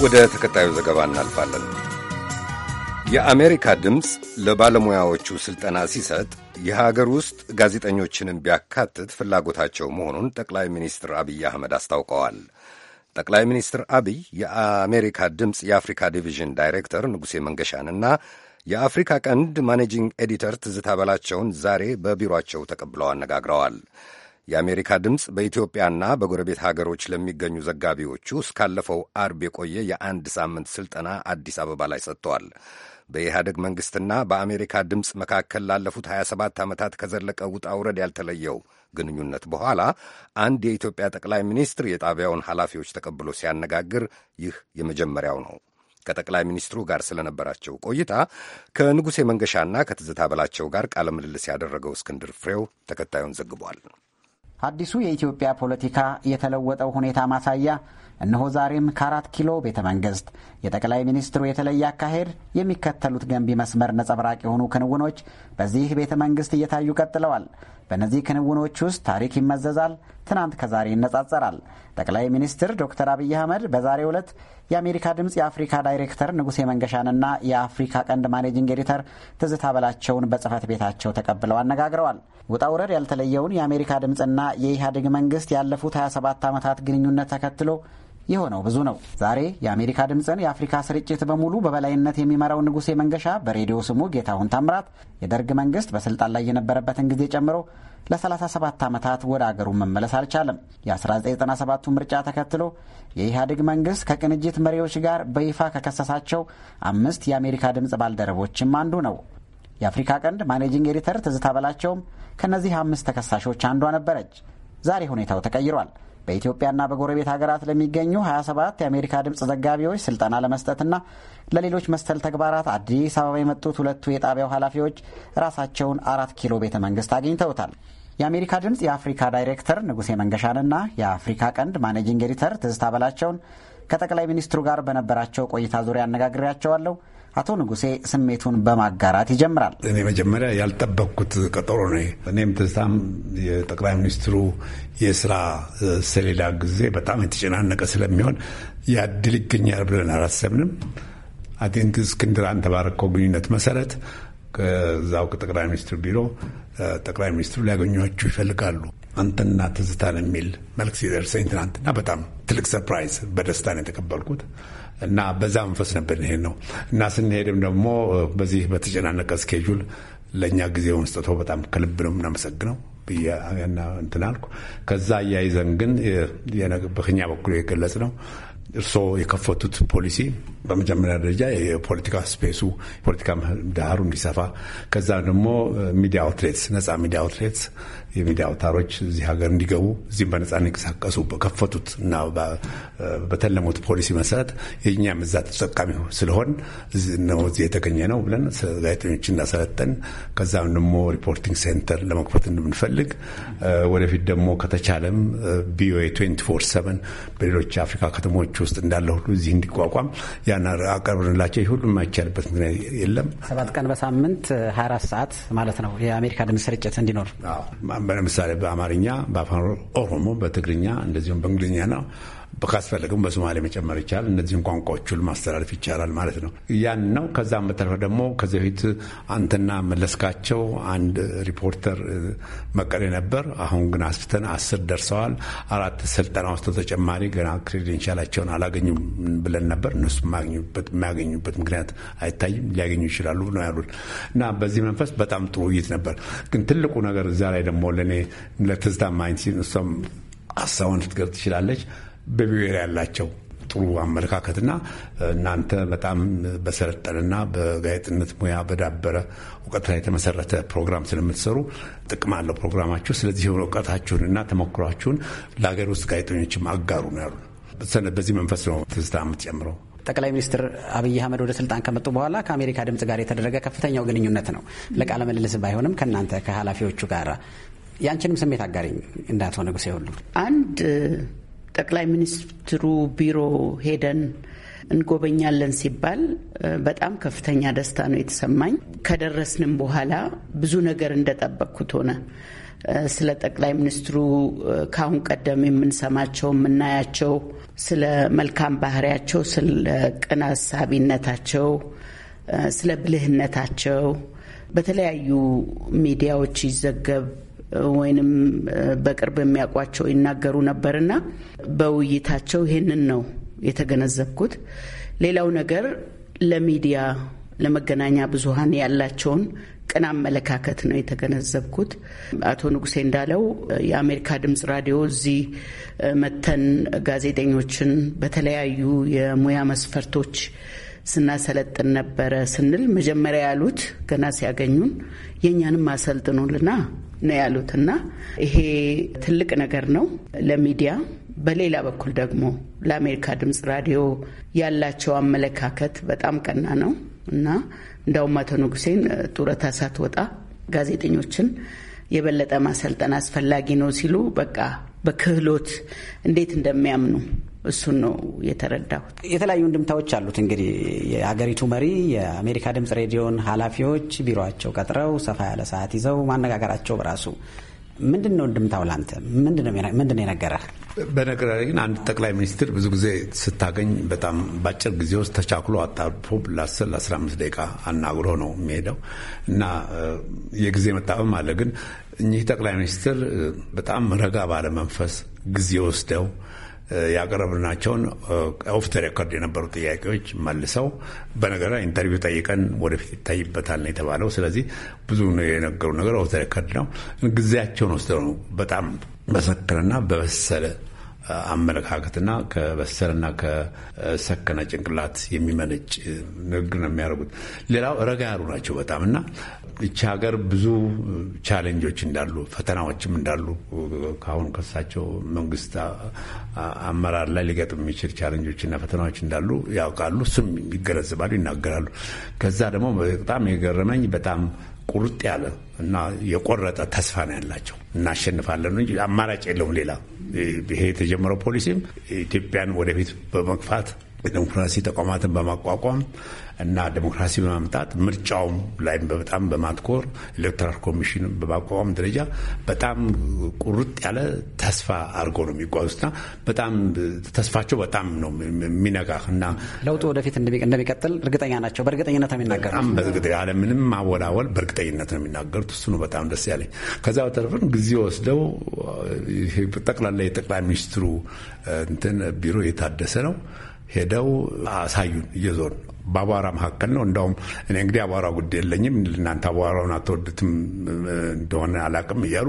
ወደ ተከታዩ ዘገባ እናልፋለን። የአሜሪካ ድምፅ ለባለሙያዎቹ ሥልጠና ሲሰጥ የሀገር ውስጥ ጋዜጠኞችንም ቢያካትት ፍላጎታቸው መሆኑን ጠቅላይ ሚኒስትር አብይ አህመድ አስታውቀዋል። ጠቅላይ ሚኒስትር አብይ የአሜሪካ ድምፅ የአፍሪካ ዲቪዥን ዳይሬክተር ንጉሴ መንገሻንና የአፍሪካ ቀንድ ማኔጂንግ ኤዲተር ትዝታ በላቸውን ዛሬ በቢሮአቸው ተቀብለው አነጋግረዋል። የአሜሪካ ድምፅ በኢትዮጵያና በጎረቤት ሀገሮች ለሚገኙ ዘጋቢዎቹ እስካለፈው አርብ የቆየ የአንድ ሳምንት ስልጠና አዲስ አበባ ላይ ሰጥቷል። በኢህአደግ መንግሥትና በአሜሪካ ድምፅ መካከል ላለፉት 27 ዓመታት ከዘለቀ ውጣ ውረድ ያልተለየው ግንኙነት በኋላ አንድ የኢትዮጵያ ጠቅላይ ሚኒስትር የጣቢያውን ኃላፊዎች ተቀብሎ ሲያነጋግር ይህ የመጀመሪያው ነው። ከጠቅላይ ሚኒስትሩ ጋር ስለነበራቸው ቆይታ ከንጉሴ መንገሻና ከትዝታ በላቸው ጋር ቃለ ምልልስ ያደረገው እስክንድር ፍሬው ተከታዩን ዘግቧል። አዲሱ የኢትዮጵያ ፖለቲካ የተለወጠው ሁኔታ ማሳያ እነሆ ዛሬም ከአራት ኪሎ ቤተ መንግስት የጠቅላይ ሚኒስትሩ የተለየ አካሄድ የሚከተሉት ገንቢ መስመር ነጸብራቅ የሆኑ ክንውኖች በዚህ ቤተ መንግስት እየታዩ ቀጥለዋል። በእነዚህ ክንውኖች ውስጥ ታሪክ ይመዘዛል፣ ትናንት ከዛሬ ይነጻጸራል። ጠቅላይ ሚኒስትር ዶክተር አብይ አህመድ በዛሬው ዕለት የአሜሪካ ድምፅ የአፍሪካ ዳይሬክተር ንጉሴ መንገሻንና የአፍሪካ ቀንድ ማኔጂንግ ኤዲተር ትዝታ በላቸውን በጽህፈት ቤታቸው ተቀብለው አነጋግረዋል። ውጣ ውረድ ያልተለየውን የአሜሪካ ድምፅና የኢህአዴግ መንግስት ያለፉት 27 ዓመታት ግንኙነት ተከትሎ የሆነው ብዙ ነው። ዛሬ የአሜሪካ ድምፅን የአፍሪካ ስርጭት በሙሉ በበላይነት የሚመራው ንጉሴ መንገሻ በሬዲዮ ስሙ ጌታሁን ታምራት የደርግ መንግስት በስልጣን ላይ የነበረበትን ጊዜ ጨምሮ ለ37 ዓመታት ወደ አገሩ መመለስ አልቻለም። የ1997ቱ ምርጫ ተከትሎ የኢህአዴግ መንግስት ከቅንጅት መሪዎች ጋር በይፋ ከከሰሳቸው አምስት የአሜሪካ ድምፅ ባልደረቦችም አንዱ ነው። የአፍሪካ ቀንድ ማኔጂንግ ኤዲተር ትዝታ በላቸውም ከእነዚህ አምስት ተከሳሾች አንዷ ነበረች። ዛሬ ሁኔታው ተቀይሯል። በኢትዮጵያና በጎረቤት ሀገራት ለሚገኙ 27 የአሜሪካ ድምፅ ዘጋቢዎች ስልጠና ለመስጠትና ለሌሎች መሰል ተግባራት አዲስ አበባ የመጡት ሁለቱ የጣቢያው ኃላፊዎች ራሳቸውን አራት ኪሎ ቤተ መንግስት አግኝተውታል። የአሜሪካ ድምፅ የአፍሪካ ዳይሬክተር ንጉሴ መንገሻንና የአፍሪካ ቀንድ ማኔጂንግ ኤዲተር ትዝታ በላቸውን ከጠቅላይ ሚኒስትሩ ጋር በነበራቸው ቆይታ ዙሪያ አነጋግሬያቸዋለሁ። አቶ ንጉሴ ስሜቱን በማጋራት ይጀምራል። እኔ መጀመሪያ ያልጠበቅኩት ቀጠሮ ነው። እኔም ትዝታም የጠቅላይ ሚኒስትሩ የስራ ሰሌዳ ጊዜ በጣም የተጨናነቀ ስለሚሆን ያድል ይገኛል ብለን አላሰብንም። አቲንክ እስክንድር አንተ ባረከው ግንኙነት መሰረት ከዛው ከጠቅላይ ሚኒስትር ቢሮ ጠቅላይ ሚኒስትሩ ሊያገኟችሁ ይፈልጋሉ አንተና ትዝታን የሚል መልክ ሲደርሰኝ ትናንትና በጣም ትልቅ ሰርፕራይዝ በደስታ ነው የተቀበልኩት። እና በዛ መንፈስ ነበር እንሄድ ነው እና ስንሄድም ደግሞ በዚህ በተጨናነቀ ስኬጁል ለእኛ ጊዜ መስጠቶ በጣም ከልብ ነው የምናመሰግነው ብዬና እንትን ከዛ እያይዘን ግን በኛ በኩል የገለጽ ነው እርስዎ የከፈቱት ፖሊሲ በመጀመሪያ ደረጃ የፖለቲካ ስፔሱ የፖለቲካ ምህዳሩ እንዲሰፋ ከዛ ደግሞ ሚዲያ አውትሌትስ ነፃ ሚዲያ አውትሌትስ የሚዲያ አውታሮች እዚህ ሀገር እንዲገቡ እዚህም በነጻ እንዲንቀሳቀሱ በከፈቱት እና በተለሙት ፖሊሲ መሰረት የኛ ምዛ ተጠቃሚ ስለሆን ነው እዚህ የተገኘ ነው ብለን ጋዜጠኞች እንዳሰለጠን ከዛም ደሞ ሪፖርቲንግ ሴንተር ለመክፈት እንደምንፈልግ ወደፊት ደግሞ ከተቻለም ቪኦኤ 247 በሌሎች የአፍሪካ ከተሞች ውስጥ እንዳለ ሁሉ እዚህ እንዲቋቋም ያን አቀርብንላቸው። ይህ ሁሉ የማይቻልበት ምክንያት የለም። ሰባት ቀን በሳምንት 24 ሰዓት ማለት ነው የአሜሪካ ድምፅ ስርጭት እንዲኖር ለምሳሌ በአማርኛ፣ በአፋን ኦሮሞ፣ በትግርኛ እንደዚሁም በእንግሊዝኛ ነው ካስፈለግም በሶማሌ መጨመር ይቻላል። እነዚህን ቋንቋዎቹን ማስተላለፍ ይቻላል ማለት ነው። ያን ነው። ከዛም በተረፈ ደግሞ ከዚህ በፊት አንተና መለስካቸው አንድ ሪፖርተር መቀሌ ነበር። አሁን ግን አስፍተን አስር ደርሰዋል። አራት ስልጠና ውስጥ ተጨማሪ ገና ክሬዴንሻላቸውን አላገኙም ብለን ነበር። እነሱ የሚያገኙበት ምክንያት አይታይም። ሊያገኙ ይችላሉ ነው ያሉት እና በዚህ መንፈስ በጣም ጥሩ ውይይት ነበር። ግን ትልቁ ነገር እዛ ላይ ደግሞ ለእኔ ለትዝታ ማይንሲን እሷም ሀሳቧን ልትገልጽ ትችላለች በብሔር ያላቸው ጥሩ አመለካከትና እናንተ በጣም በሰለጠነና በጋዜጥነት ሙያ በዳበረ እውቀት ላይ የተመሰረተ ፕሮግራም ስለምትሰሩ ጥቅም አለው ፕሮግራማችሁ። ስለዚህ እውቀታችሁንና ተሞክሯችሁን ለሀገር ውስጥ ጋዜጠኞችም አጋሩ ነው ያሉ። በዚህ መንፈስ ነው ትዝታ የምትጨምረው። ጠቅላይ ሚኒስትር አብይ አህመድ ወደ ስልጣን ከመጡ በኋላ ከአሜሪካ ድምጽ ጋር የተደረገ ከፍተኛው ግንኙነት ነው። ለቃለ ምልልስ ባይሆንም ከእናንተ ከኃላፊዎቹ ጋር ያንችንም ስሜት አጋሪኝ እንዳትሆነ ጉሴ ሁሉ አንድ ጠቅላይ ሚኒስትሩ ቢሮ ሄደን እንጎበኛለን ሲባል በጣም ከፍተኛ ደስታ ነው የተሰማኝ። ከደረስንም በኋላ ብዙ ነገር እንደጠበቅኩት ሆነ። ስለ ጠቅላይ ሚኒስትሩ ከአሁን ቀደም የምንሰማቸው የምናያቸው፣ ስለ መልካም ባህሪያቸው፣ ስለ ቅን አሳቢነታቸው፣ ስለ ብልህነታቸው በተለያዩ ሚዲያዎች ይዘገብ ወይንም በቅርብ የሚያውቋቸው ይናገሩ ነበርና በውይይታቸው ይህንን ነው የተገነዘብኩት። ሌላው ነገር ለሚዲያ ለመገናኛ ብዙሃን ያላቸውን ቅን አመለካከት ነው የተገነዘብኩት። አቶ ንጉሴ እንዳለው የአሜሪካ ድምፅ ራዲዮ እዚህ መተን ጋዜጠኞችን በተለያዩ የሙያ መስፈርቶች ስናሰለጥን ነበረ ስንል መጀመሪያ ያሉት ገና ሲያገኙን የእኛንም አሰልጥኑልና ነው ያሉትና ይሄ ትልቅ ነገር ነው ለሚዲያ። በሌላ በኩል ደግሞ ለአሜሪካ ድምፅ ራዲዮ ያላቸው አመለካከት በጣም ቀና ነው እና እንዳውም አቶ ንጉሴን ጡረታ ሳትወጣ ጋዜጠኞችን የበለጠ ማሰልጠን አስፈላጊ ነው ሲሉ በቃ በክህሎት እንዴት እንደሚያምኑ እሱን ነው የተረዳሁት። የተለያዩ እንድምታዎች አሉት። እንግዲህ የሀገሪቱ መሪ የአሜሪካ ድምፅ ሬዲዮን ኃላፊዎች ቢሮቸው ቀጥረው ሰፋ ያለ ሰዓት ይዘው ማነጋገራቸው በራሱ ምንድን ነው እንድምታው? ላንተ ምንድን የነገረህ? በነገር ላይ ግን አንድ ጠቅላይ ሚኒስትር ብዙ ጊዜ ስታገኝ በጣም በአጭር ጊዜ ውስጥ ተቻክሎ አጣርፎ ለአስር ለአስራ ደቂቃ አናግሮ ነው የሚሄደው እና የጊዜ መጣበም አለ። ግን እኚህ ጠቅላይ ሚኒስትር በጣም ረጋ ባለ መንፈስ ጊዜ ወስደው ያቀረብናቸውን ኦፍ ተ ሬኮርድ የነበሩ ጥያቄዎች መልሰው በነገር ላይ ኢንተርቪው ጠይቀን ወደፊት ይታይበታል ነው የተባለው። ስለዚህ ብዙ የነገሩ ነገር ኦፍ ተ ሬኮርድ ነው። ጊዜያቸውን ወስደው ነው በጣም በሰከረና በበሰለ አመለካከትና ከበሰለና ከሰከነ ጭንቅላት የሚመነጭ ንግግር ነው የሚያደርጉት። ሌላው ረጋ ያሉ ናቸው በጣም እና እቺ ሀገር ብዙ ቻሌንጆች እንዳሉ ፈተናዎችም እንዳሉ ከአሁን ከሳቸው መንግስት አመራር ላይ ሊገጥም የሚችል ቻሌንጆችና ፈተናዎች እንዳሉ ያውቃሉ። እሱም ይገነዘባሉ፣ ይናገራሉ። ከዛ ደግሞ በጣም የገረመኝ በጣም ቁርጥ ያለ እና የቆረጠ ተስፋ ነው ያላቸው። እናሸንፋለን እንጂ አማራጭ የለውም ሌላ። ይሄ የተጀመረው ፖሊሲም ኢትዮጵያን ወደፊት በመግፋት የዴሞክራሲ ተቋማትን በማቋቋም እና ዴሞክራሲ በማምጣት ምርጫውም ላይ በጣም በማትኮር ኤሌክቶራል ኮሚሽን በማቋቋም ደረጃ በጣም ቁርጥ ያለ ተስፋ አድርጎ ነው የሚጓዙትና በጣም ተስፋቸው በጣም ነው የሚነጋ እና ለውጡ ወደፊት እንደሚቀጥል እርግጠኛ ናቸው። በእርግጠኝነት ነው የሚናገሩት። ምንም ማወላወል በእርግጠኝነት ነው የሚናገሩት። እሱ ነው በጣም ደስ ያለኝ። ከዛ በተረፈን ጊዜ ወስደው ጠቅላላ የጠቅላይ ሚኒስትሩ እንትን ቢሮ የታደሰ ነው ሄደው አሳዩን እየዞርን በአቧራ መካከል ነው። እንዳውም እኔ እንግዲህ አቧራ ጉድ የለኝም እናንተ አቧራውን አትወዱትም እንደሆነ አላቅም እያሉ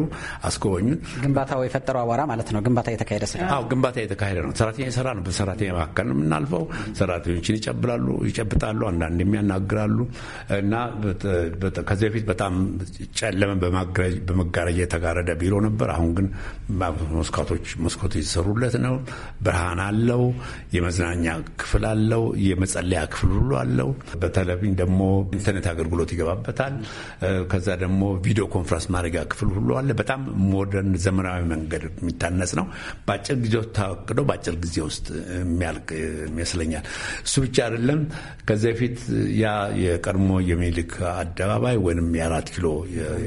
አስጎበኙን። ግንባታው የፈጠረው አቧራ ማለት ነው። ግንባታ የተካሄደ ስራ ግንባታ የተካሄደ ነው። ሰራተኛ የሰራ ነው። በሰራተኛ መካከል ነው የምናልፈው። ሰራተኞችን ይጨብላሉ፣ ይጨብጣሉ፣ አንዳንድ የሚያናግራሉ እና ከዚህ በፊት በጣም ጨለመን በመጋረጃ የተጋረደ ቢሮ ነበር። አሁን ግን መስኮቶች መስኮቶ የተሰሩለት ነው። ብርሃን አለው። የመዝናኛ ክፍል አለው። የመጸለያ ክፍል ሁሉ ሁሉ አለው። በቴሌቪዥን ደግሞ ኢንተርኔት አገልግሎት ይገባበታል። ከዛ ደግሞ ቪዲዮ ኮንፈረንስ ማድረጊያ ክፍል ሁሉ አለ። በጣም ሞደርን ዘመናዊ መንገድ የሚታነጽ ነው። በአጭር ጊዜ ታቅዶ በአጭር ጊዜ ውስጥ የሚያልቅ ይመስለኛል። እሱ ብቻ አይደለም። ከዚ በፊት ያ የቀድሞ የሚኒልክ አደባባይ ወይም የአራት ኪሎ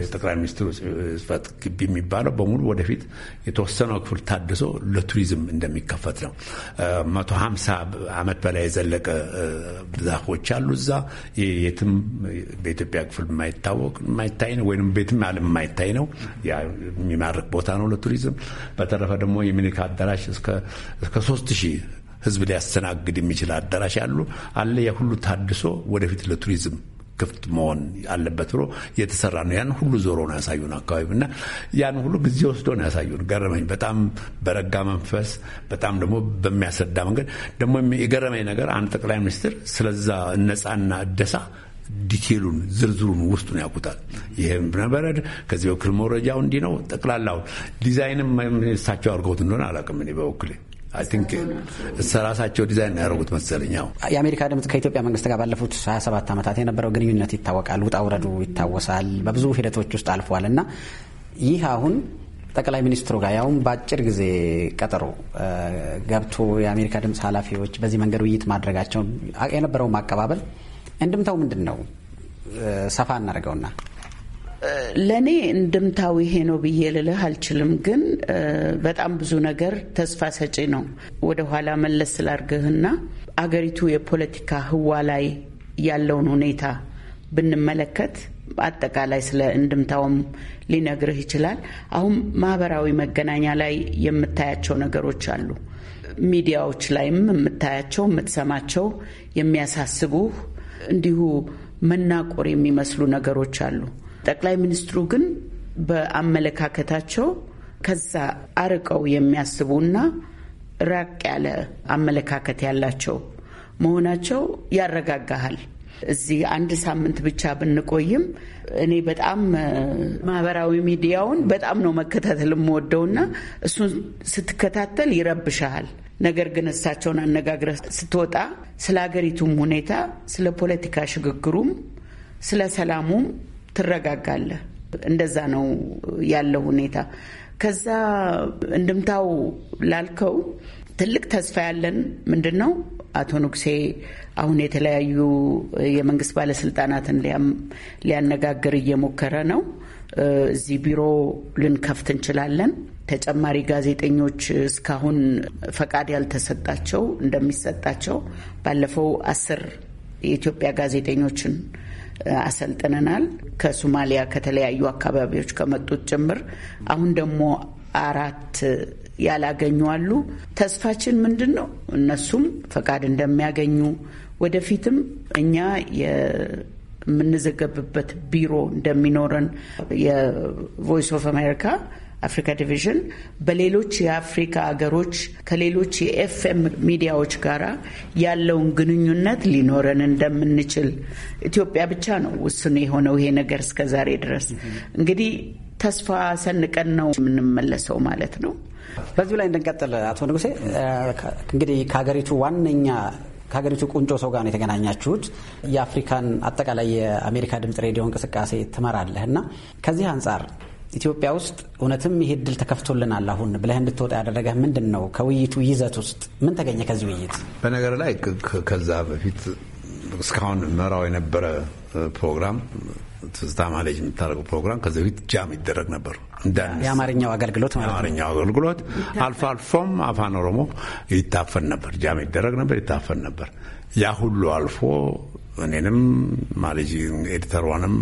የጠቅላይ ሚኒስትሩ ጽሕፈት ግቢ የሚባለው በሙሉ ወደፊት የተወሰነው ክፍል ታድሶ ለቱሪዝም እንደሚከፈት ነው። መቶ ሀምሳ ዓመት በላይ የዘለቀ ዛፎች አሉ። እዛ የትም በኢትዮጵያ ክፍል የማይታወቅ የማይታይ ነው፣ ወይም ቤትም ዓለም የማይታይ ነው። የሚማርክ ቦታ ነው ለቱሪዝም። በተረፈ ደግሞ የሚኒካ አዳራሽ እስከ ሶስት ሺህ ህዝብ ሊያስተናግድ የሚችል አዳራሽ አሉ አለ። የሁሉ ታድሶ ወደፊት ለቱሪዝም ክፍት መሆን አለበት ብሎ የተሰራ ነው። ያን ሁሉ ዞሮ ነው ያሳዩን አካባቢ እና ያን ሁሉ ጊዜ ወስዶ ነው ያሳዩን። ገረመኝ በጣም በረጋ መንፈስ፣ በጣም ደግሞ በሚያስረዳ መንገድ ደግሞ የገረመኝ ነገር አንድ ጠቅላይ ሚኒስትር ስለዛ ነፃና እደሳ ዲቴሉን ዝርዝሩን ውስጡን ያውቁታል። ይህም እብነበረድ ከዚህ በኩል መረጃው እንዲህ ነው። ጠቅላላውን ዲዛይንም እሳቸው አድርገውት እንደሆነ አላውቅም እኔ በበኩሌ ራሳቸው ዲዛይን ያደረጉት መሰለኛው። የአሜሪካ ድምፅ ከኢትዮጵያ መንግስት ጋር ባለፉት 27 ዓመታት የነበረው ግንኙነት ይታወቃል። ውጣ ውረዱ ይታወሳል። በብዙ ሂደቶች ውስጥ አልፏል እና ይህ አሁን ጠቅላይ ሚኒስትሩ ጋር ያውም በአጭር ጊዜ ቀጠሮ ገብቶ የአሜሪካ ድምፅ ኃላፊዎች በዚህ መንገድ ውይይት ማድረጋቸው የነበረው ማቀባበል እንድምታው ምንድን ነው? ሰፋ እናደርገውና ለእኔ እንድምታው ይሄ ነው ብዬ ልልህ አልችልም፣ ግን በጣም ብዙ ነገር ተስፋ ሰጪ ነው። ወደኋላ መለስ ስላርግህና አገሪቱ የፖለቲካ ህዋ ላይ ያለውን ሁኔታ ብንመለከት አጠቃላይ ስለ እንድምታውም ሊነግርህ ይችላል። አሁን ማህበራዊ መገናኛ ላይ የምታያቸው ነገሮች አሉ። ሚዲያዎች ላይም የምታያቸው የምትሰማቸው የሚያሳስቡ እንዲሁ መናቆር የሚመስሉ ነገሮች አሉ። ጠቅላይ ሚኒስትሩ ግን በአመለካከታቸው ከዛ አርቀው የሚያስቡና ራቅ ያለ አመለካከት ያላቸው መሆናቸው ያረጋጋሃል። እዚህ አንድ ሳምንት ብቻ ብንቆይም እኔ በጣም ማህበራዊ ሚዲያውን በጣም ነው መከታተል የምወደውና እሱን ስትከታተል ይረብሻሃል። ነገር ግን እሳቸውን አነጋግረህ ስትወጣ ስለ ሀገሪቱም ሁኔታ፣ ስለ ፖለቲካ ሽግግሩም፣ ስለ ሰላሙም ትረጋጋለህ። እንደዛ ነው ያለው ሁኔታ። ከዛ እንድምታው ላልከው ትልቅ ተስፋ ያለን ምንድን ነው አቶ ንጉሴ አሁን የተለያዩ የመንግስት ባለስልጣናትን ሊያነጋግር እየሞከረ ነው። እዚህ ቢሮ ልንከፍት እንችላለን። ተጨማሪ ጋዜጠኞች እስካሁን ፈቃድ ያልተሰጣቸው እንደሚሰጣቸው ባለፈው አስር የኢትዮጵያ ጋዜጠኞችን አሰልጥነናል። ከሶማሊያ ከተለያዩ አካባቢዎች ከመጡት ጭምር አሁን ደግሞ አራት ያላገኙ አሉ። ተስፋችን ምንድን ነው? እነሱም ፈቃድ እንደሚያገኙ ወደፊትም እኛ የምንዘገብበት ቢሮ እንደሚኖረን የቮይስ ኦፍ አሜሪካ አፍሪካ ዲቪዥን በሌሎች የአፍሪካ ሀገሮች ከሌሎች የኤፍኤም ሚዲያዎች ጋር ያለውን ግንኙነት ሊኖረን እንደምንችል ኢትዮጵያ ብቻ ነው ውስኑ የሆነው ይሄ ነገር እስከ ዛሬ ድረስ እንግዲህ ተስፋ ሰንቀን ነው የምንመለሰው ማለት ነው። በዚሁ ላይ እንድንቀጥል አቶ ንጉሴ እንግዲህ ከሀገሪቱ ዋነኛ ከሀገሪቱ ቁንጮ ሰው ጋር ነው የተገናኛችሁት። የአፍሪካን አጠቃላይ የአሜሪካ ድምፅ ሬዲዮ እንቅስቃሴ ትመራለህ እና ከዚህ አንጻር ኢትዮጵያ ውስጥ እውነትም ይሄ እድል ተከፍቶልናል አሁን ብለህ እንድትወጣ ያደረገህ ምንድን ነው? ከውይይቱ ይዘት ውስጥ ምን ተገኘ ከዚህ ውይይት? በነገር ላይ ከዛ በፊት እስካሁን መራው የነበረ ፕሮግራም ትዝታ ማሌጅ የምታደርገው ፕሮግራም ከዚ በፊት ጃም ይደረግ ነበር። የአማርኛው አገልግሎት ማለት የአማርኛው አገልግሎት አልፎ አልፎም አፋን ኦሮሞ ይታፈን ነበር። ጃም ይደረግ ነበር፣ ይታፈን ነበር። ያ ሁሉ አልፎ እኔንም ማሌጅ ኤዲተሯንም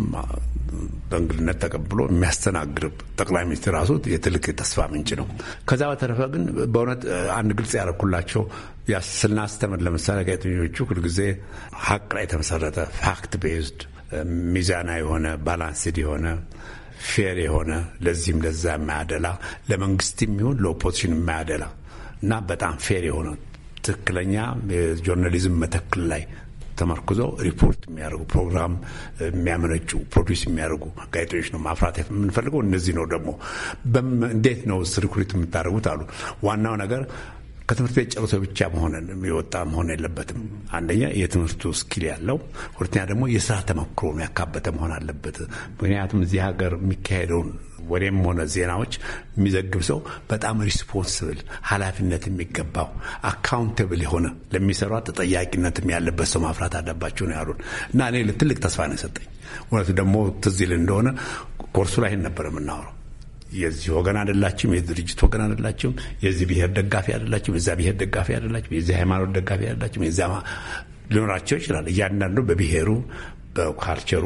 በእንግድነት ተቀብሎ የሚያስተናግድ ጠቅላይ ሚኒስትር ራሱ የትልቅ ተስፋ ምንጭ ነው። ከዛ በተረፈ ግን በእውነት አንድ ግልጽ ያደረኩላቸው ስናስተምር ለምሳሌ ጋዜጠኞቹ ሁልጊዜ ሀቅ ላይ የተመሰረተ ፋክት ቤዝድ ሚዛና የሆነ ባላንስድ የሆነ ፌር የሆነ ለዚህም ለዛ የማያደላ ለመንግስት የሚሆን ለኦፖዚሽን የማያደላ እና በጣም ፌር የሆነ ትክክለኛ የጆርናሊዝም መተክል ላይ ተመርክዞ ሪፖርት የሚያደርጉ ፕሮግራም የሚያመነጩ ፕሮዲስ የሚያደርጉ ጋዜጠኞች ነው ማፍራት የምንፈልገው። እነዚህ ነው ደግሞ እንዴት ነው ሪክሩት የምታደርጉት አሉ ዋናው ነገር ከትምህርት ቤት ጨርሶ ብቻ መሆን የወጣ መሆን የለበትም። አንደኛ የትምህርቱ ስኪል ያለው፣ ሁለተኛ ደግሞ የስራ ተመክሮ ያካበተ መሆን አለበት። ምክንያቱም እዚህ ሀገር የሚካሄደውን ወሬም ሆነ ዜናዎች የሚዘግብ ሰው በጣም ሪስፖንስብል ኃላፊነት የሚገባው አካውንተብል የሆነ ለሚሰሯ ተጠያቂነትም ያለበት ሰው ማፍራት አለባቸው ነው ያሉን እና እኔ ትልቅ ተስፋ ነው የሰጠኝ። እውነቱ ደግሞ ትዝ ይል እንደሆነ ኮርሱ ላይ ነበረ የምናወራው የዚህ ወገን አይደላችሁም፣ የዚህ ድርጅት ወገን አይደላችሁም፣ የዚህ ብሔር ደጋፊ አይደላችሁም፣ የዚያ ብሔር ደጋፊ አይደላችሁም፣ የዚህ ሃይማኖት ደጋፊ አይደላችሁም። የዚያ ሊኖራቸው ይችላል። እያንዳንዱ በብሔሩ፣ በካልቸሩ፣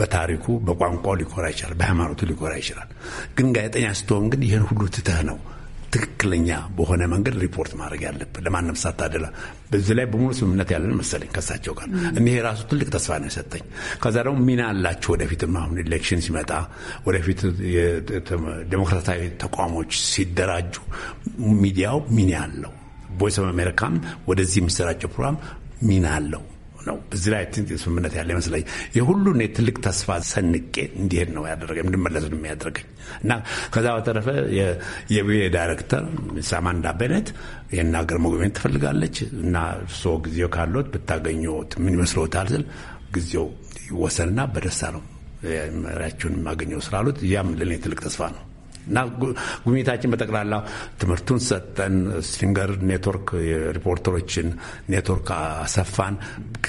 በታሪኩ፣ በቋንቋው ሊኮራ ይችላል፣ በሃይማኖቱ ሊኮራ ይችላል። ግን ጋዜጠኛ ስትሆን ግን ይህን ሁሉ ትተህ ነው ትክክለኛ በሆነ መንገድ ሪፖርት ማድረግ ያለብን ለማንም ሳታደላ። በዚህ ላይ በሙሉ ስምምነት ያለን መሰለኝ ከሳቸው ጋር እኒህ የራሱ ትልቅ ተስፋ ነው የሰጠኝ። ከዛ ደግሞ ሚና አላቸው። ወደፊትም አሁን ኢሌክሽን ሲመጣ ወደፊት ዴሞክራታዊ ተቋሞች ሲደራጁ ሚዲያው ሚና አለው። ቮይስ ኦፍ አሜሪካም ወደዚህ የሚሰራጨው ፕሮግራም ሚና አለው። ነው። በዚህ ላይ ቲንክ ስምምነት ያለ ይመስለኝ የሁሉን የትልቅ ተስፋ ሰንቄ እንዲሄድ ነው ያደረገ እንድመለስ ነው የሚያደርገኝ እና ከዛ በተረፈ የቪኦኤ ዳይሬክተር ሳማንዳ አማንዳ ቤኔት ይህን ሀገር መጎብኘት ትፈልጋለች እና እርሶ ጊዜው ካሎት ብታገኙት ምን ይመስለታል ስል ጊዜው ይወሰንና በደስታ ነው መሪያችሁን የማገኘው ስላሉት ያም ለእኔ ትልቅ ተስፋ ነው። እና ጉብኝታችን በጠቅላላ ትምህርቱን ሰጠን። ስትሪንገር ኔትወርክ ሪፖርተሮችን ኔትወርክ አሰፋን።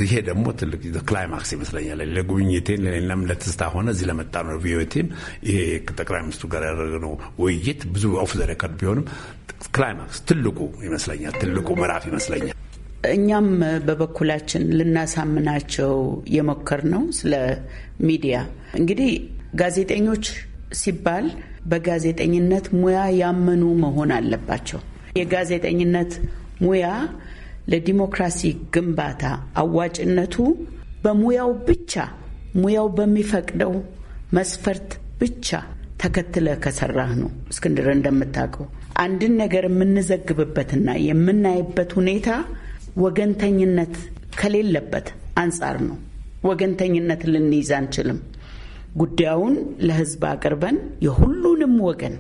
ይሄ ደግሞ ትልቅ ክላይማክስ ይመስለኛል ለጉብኝቴን ለሌለም ለትስታ ሆነ እዚህ ለመጣ ነው ቪዮቴም ይሄ ጠቅላይ ሚኒስትሩ ጋር ያደረግነው ውይይት ብዙ ኦፍ ዘ ሬከርድ ቢሆንም ክላይማክስ ትልቁ ይመስለኛል ትልቁ ምዕራፍ ይመስለኛል። እኛም በበኩላችን ልናሳምናቸው የሞከር ነው ስለ ሚዲያ እንግዲህ ጋዜጠኞች ሲባል በጋዜጠኝነት ሙያ ያመኑ መሆን አለባቸው። የጋዜጠኝነት ሙያ ለዲሞክራሲ ግንባታ አዋጭነቱ በሙያው ብቻ ሙያው በሚፈቅደው መስፈርት ብቻ ተከትለ ከሰራህ ነው። እስክንድር እንደምታውቀው አንድን ነገር የምንዘግብበትና የምናይበት ሁኔታ ወገንተኝነት ከሌለበት አንጻር ነው። ወገንተኝነት ልንይዝ አንችልም። ጉዳዩን ለህዝብ አቅርበን የሁሉንም ወገን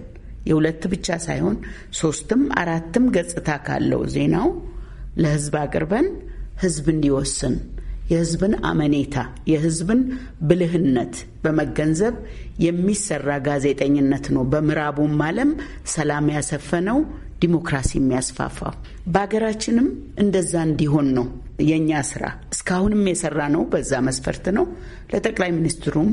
የሁለት ብቻ ሳይሆን ሶስትም አራትም ገጽታ ካለው ዜናው ለህዝብ አቅርበን ህዝብ እንዲወስን የህዝብን አመኔታ የህዝብን ብልህነት በመገንዘብ የሚሰራ ጋዜጠኝነት ነው። በምዕራቡም ዓለም ሰላም ያሰፈነው ዲሞክራሲ የሚያስፋፋው በሀገራችንም እንደዛ እንዲሆን ነው የእኛ ስራ። እስካሁንም የሰራ ነው በዛ መስፈርት ነው። ለጠቅላይ ሚኒስትሩም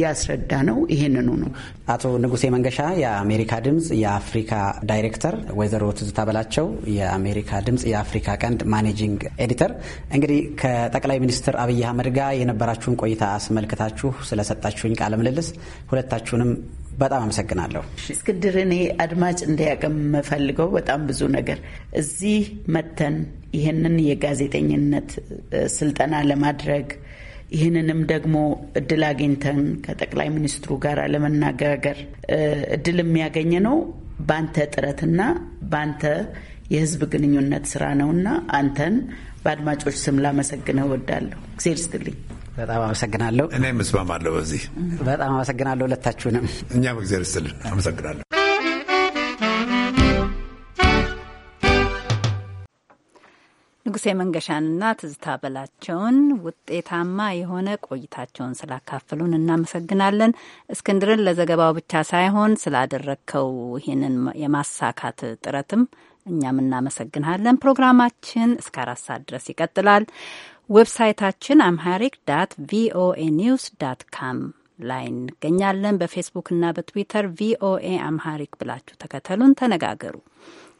ያስረዳ ነው ይሄንኑ ነው። አቶ ንጉሴ መንገሻ የአሜሪካ ድምፅ የአፍሪካ ዳይሬክተር፣ ወይዘሮ ትዝታ በላቸው የአሜሪካ ድምፅ የአፍሪካ ቀንድ ማኔጂንግ ኤዲተር፣ እንግዲህ ከጠቅላይ ሚኒስትር አብይ አህመድ ጋር የነበራችሁን ቆይታ አስመልክታችሁ ስለሰጣችሁኝ ቃለ ምልልስ ሁለታችሁንም በጣም አመሰግናለሁ። እስክንድር፣ እኔ አድማጭ እንዲያቅም የምፈልገው በጣም ብዙ ነገር እዚህ መተን ይህንን የጋዜጠኝነት ስልጠና ለማድረግ ይህንንም ደግሞ እድል አግኝተን ከጠቅላይ ሚኒስትሩ ጋር ለመነጋገር እድል የሚያገኘ ነው በአንተ ጥረትና በአንተ የህዝብ ግንኙነት ስራ ነውና አንተን በአድማጮች ስም ላመሰግነህ እወዳለሁ። እግዜር ስትልኝ በጣም አመሰግናለሁ። እኔም እስማማለሁ በዚህ በጣም አመሰግናለሁ ሁለታችሁንም። እኛም እግዜር ይስጥልን አመሰግናለሁ። ንጉሴ መንገሻንና ትዝታ በላቸውን ውጤታማ የሆነ ቆይታቸውን ስላካፈሉን እናመሰግናለን። እስክንድርን ለዘገባው ብቻ ሳይሆን ስላደረግከው ይህንን የማሳካት ጥረትም እኛም እናመሰግናለን። ፕሮግራማችን እስከ አራት ሰዓት ድረስ ይቀጥላል። ዌብሳይታችን አምሃሪክ ዳት ቪኦኤ ኒውስ ዳት ካም ላይ እንገኛለን። በፌስቡክ እና በትዊተር ቪኦኤ አምሃሪክ ብላችሁ ተከተሉን፣ ተነጋገሩ።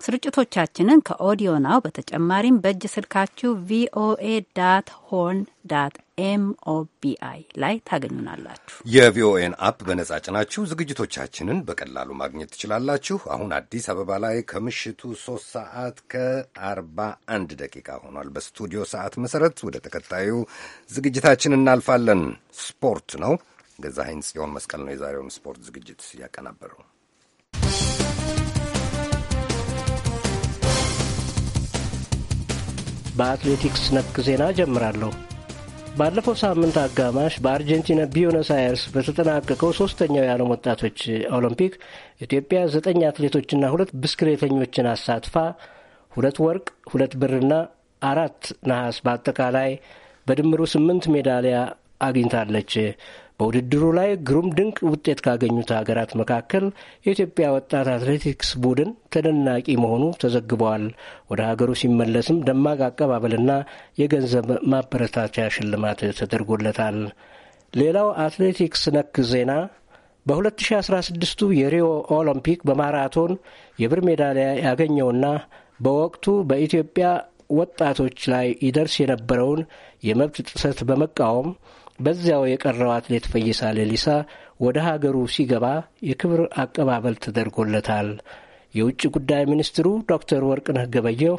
ስርጭቶቻችንን ከኦዲዮ ናው በተጨማሪም በእጅ ስልካችሁ ቪኦኤ ዳት ሆን ዳት ኤምኦቢአይ ላይ ታገኙናላችሁ። የቪኦኤን አፕ በነጻ ጭናችሁ ዝግጅቶቻችንን በቀላሉ ማግኘት ትችላላችሁ። አሁን አዲስ አበባ ላይ ከምሽቱ ሶስት ሰዓት ከአርባ አንድ ደቂቃ ሆኗል። በስቱዲዮ ሰዓት መሰረት ወደ ተከታዩ ዝግጅታችን እናልፋለን። ስፖርት ነው። ገዛኸኝ ጽዮን መስቀል ነው የዛሬውን ስፖርት ዝግጅት ያቀናበረው። በአትሌቲክስ ነክ ዜና ጀምራለሁ። ባለፈው ሳምንት አጋማሽ በአርጀንቲና ቢዮነስ አይርስ በተጠናቀቀው ሶስተኛው የዓለም ወጣቶች ኦሎምፒክ ኢትዮጵያ ዘጠኝ አትሌቶችና ሁለት ብስክሌተኞችን አሳትፋ ሁለት ወርቅ፣ ሁለት ብርና አራት ነሐስ በአጠቃላይ በድምሩ ስምንት ሜዳሊያ አግኝታለች። በውድድሩ ላይ ግሩም ድንቅ ውጤት ካገኙት ሀገራት መካከል የኢትዮጵያ ወጣት አትሌቲክስ ቡድን ተደናቂ መሆኑ ተዘግበዋል። ወደ ሀገሩ ሲመለስም ደማቅ አቀባበልና የገንዘብ ማበረታቻ ሽልማት ተደርጎለታል። ሌላው አትሌቲክስ ነክ ዜና በ2016ቱ የሪዮ ኦሎምፒክ በማራቶን የብር ሜዳሊያ ያገኘውና በወቅቱ በኢትዮጵያ ወጣቶች ላይ ይደርስ የነበረውን የመብት ጥሰት በመቃወም በዚያው የቀረው አትሌት ፈይሳ ሌሊሳ ወደ ሀገሩ ሲገባ የክብር አቀባበል ተደርጎለታል። የውጭ ጉዳይ ሚኒስትሩ ዶክተር ወርቅነህ ገበየሁ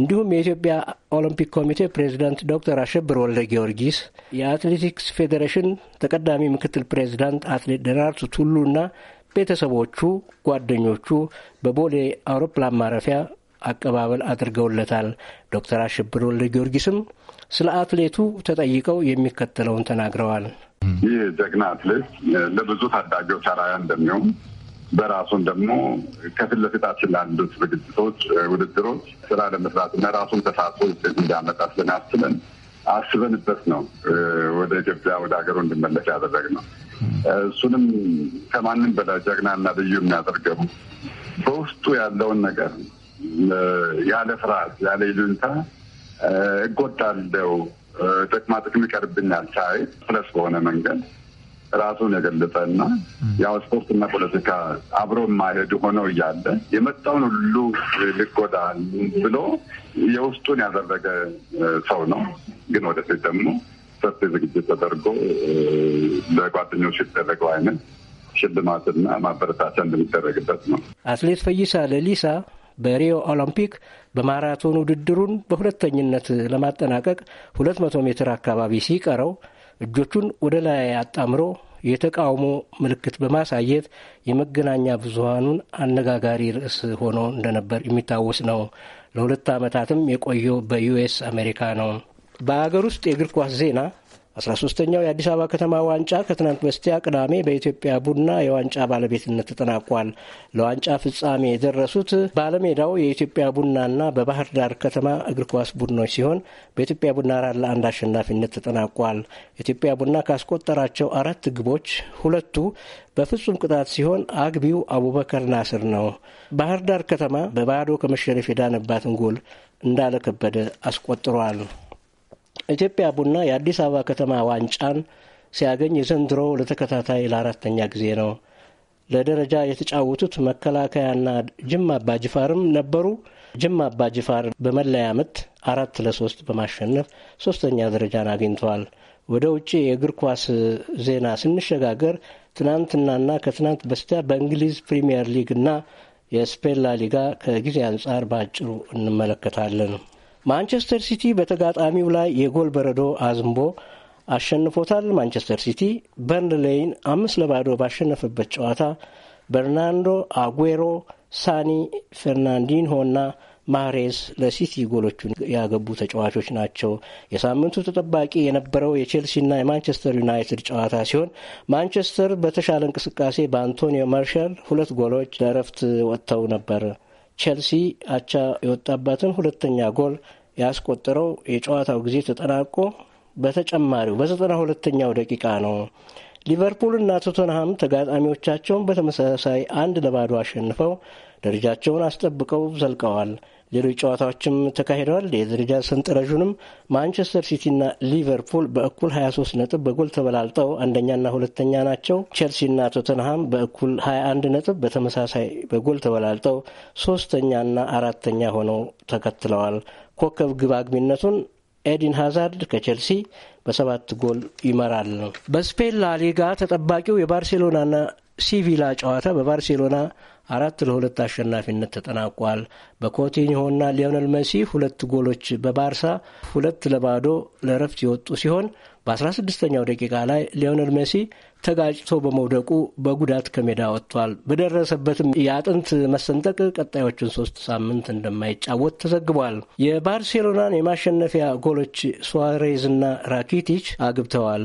እንዲሁም የኢትዮጵያ ኦሎምፒክ ኮሚቴ ፕሬዚዳንት ዶክተር አሸብር ወልደ ጊዮርጊስ፣ የአትሌቲክስ ፌዴሬሽን ተቀዳሚ ምክትል ፕሬዚዳንት አትሌት ደራርቱ ቱሉና ቤተሰቦቹ፣ ጓደኞቹ በቦሌ አውሮፕላን ማረፊያ አቀባበል አድርገውለታል። ዶክተር አሸብር ወልደ ጊዮርጊስም ስለ አትሌቱ ተጠይቀው የሚከተለውን ተናግረዋል። ይህ ጀግና አትሌት ለብዙ ታዳጊዎች አርአያ እንደሚሆን በራሱን ደግሞ ከፊት ለፊታችን ላሉት ዝግጅቶች፣ ውድድሮች ስራ ለመስራት እና ራሱን ተሳትፎ ውጤት እንዳመጣ ስለሚያስችለን አስበንበት ነው ወደ ኢትዮጵያ ወደ ሀገሩ እንድመለስ ያደረግ ነው። እሱንም ከማንም በላይ እና ልዩ የሚያደርገው በውስጡ ያለውን ነገር ያለ ፍርሃት ያለ ይሉኝታ እጎዳለው፣ ጥቅማ ጥቅም ይቀርብኛል ሳይ ፕለስ በሆነ መንገድ ራሱን የገለጠ እና ያው ስፖርትና ፖለቲካ አብሮ የማይሄድ ሆነው እያለ የመጣውን ሁሉ ልጎዳ ብሎ የውስጡን ያደረገ ሰው ነው። ግን ወደፊት ደግሞ ሰፊ ዝግጅት ተደርጎ ለጓደኞች የተደረገው አይነት ሽልማትና ማበረታቻ እንደሚደረግበት ነው። አትሌት ፈይሳ ለሊሳ በሪዮ ኦሎምፒክ በማራቶን ውድድሩን በሁለተኝነት ለማጠናቀቅ 200 ሜትር አካባቢ ሲቀረው እጆቹን ወደ ላይ አጣምሮ የተቃውሞ ምልክት በማሳየት የመገናኛ ብዙሃኑን አነጋጋሪ ርዕስ ሆኖ እንደነበር የሚታወስ ነው። ለሁለት ዓመታትም የቆየው በዩኤስ አሜሪካ ነው። በአገር ውስጥ የእግር ኳስ ዜና 13ኛው የአዲስ አበባ ከተማ ዋንጫ ከትናንት በስቲያ ቅዳሜ በኢትዮጵያ ቡና የዋንጫ ባለቤትነት ተጠናቋል። ለዋንጫ ፍጻሜ የደረሱት ባለሜዳው የኢትዮጵያ ቡናና በባህር ዳር ከተማ እግር ኳስ ቡድኖች ሲሆን በኢትዮጵያ ቡና አራት ለአንድ አሸናፊነት ተጠናቋል። ኢትዮጵያ ቡና ካስቆጠራቸው አራት ግቦች ሁለቱ በፍጹም ቅጣት ሲሆን አግቢው አቡበከር ናስር ነው። ባህር ዳር ከተማ በባዶ ከመሸነፍ የዳነባትን ጎል እንዳለ ከበደ አስቆጥሯል። ኢትዮጵያ ቡና የአዲስ አበባ ከተማ ዋንጫን ሲያገኝ የዘንድሮ ለተከታታይ ለአራተኛ ጊዜ ነው። ለደረጃ የተጫወቱት መከላከያና ጅማ አባጅፋርም ነበሩ። ጅማ አባጅፋር በመለያ ምት አራት ለሶስት በማሸነፍ ሶስተኛ ደረጃን አግኝተዋል። ወደ ውጭ የእግር ኳስ ዜና ስንሸጋገር ትናንትናና ከትናንት በስቲያ በእንግሊዝ ፕሪምየር ሊግና የስፔን ላ ሊጋ ከጊዜ አንጻር በአጭሩ እንመለከታለን። ማንቸስተር ሲቲ በተጋጣሚው ላይ የጎል በረዶ አዝንቦ አሸንፎታል። ማንቸስተር ሲቲ በርንሌይን አምስት ለባዶ ባሸነፈበት ጨዋታ በርናንዶ አጉሮ፣ ሳኒ፣ ፈርናንዲንሆና ማሬስ ለሲቲ ጎሎቹን ያገቡ ተጫዋቾች ናቸው። የሳምንቱ ተጠባቂ የነበረው የቼልሲና የማንቸስተር ዩናይትድ ጨዋታ ሲሆን ማንቸስተር በተሻለ እንቅስቃሴ በአንቶኒዮ ማርሻል ሁለት ጎሎች ለእረፍት ወጥተው ነበር። ቼልሲ አቻ የወጣባትን ሁለተኛ ጎል ያስቆጠረው የጨዋታው ጊዜ ተጠናቆ በተጨማሪው በዘጠና ሁለተኛው ደቂቃ ነው። ሊቨርፑል እና ቶተንሃም ተጋጣሚዎቻቸውን በተመሳሳይ አንድ ለባዶ አሸንፈው ደረጃቸውን አስጠብቀው ዘልቀዋል። ሌሎች ጨዋታዎችም ተካሂደዋል። የደረጃ ሰንጠረዡንም ማንቸስተር ሲቲና ሊቨርፑል በእኩል 23 ነጥብ በጎል ተበላልጠው አንደኛና ሁለተኛ ናቸው። ቸልሲና ቶተንሃም በእኩል 21 ነጥብ በተመሳሳይ በጎል ተበላልጠው ሶስተኛና አራተኛ ሆነው ተከትለዋል። ኮከብ ግብ አግቢነቱን ኤዲን ሃዛርድ ከቸልሲ በሰባት ጎል ይመራል። በስፔን ላሊጋ ተጠባቂው የባርሴሎናና ሲቪላ ጨዋታ በባርሴሎና አራት ለሁለት አሸናፊነት ተጠናቋል። በኮቲኒሆና ሊዮነል መሲ ሁለት ጎሎች በባርሳ ሁለት ለባዶ ለረፍት የወጡ ሲሆን በ16ኛው ደቂቃ ላይ ሊዮነል መሲ ተጋጭቶ በመውደቁ በጉዳት ከሜዳ ወጥቷል። በደረሰበትም የአጥንት መሰንጠቅ ቀጣዮቹን ሶስት ሳምንት እንደማይጫወት ተዘግቧል። የባርሴሎናን የማሸነፊያ ጎሎች ሱዋሬዝና ራኪቲች አግብተዋል።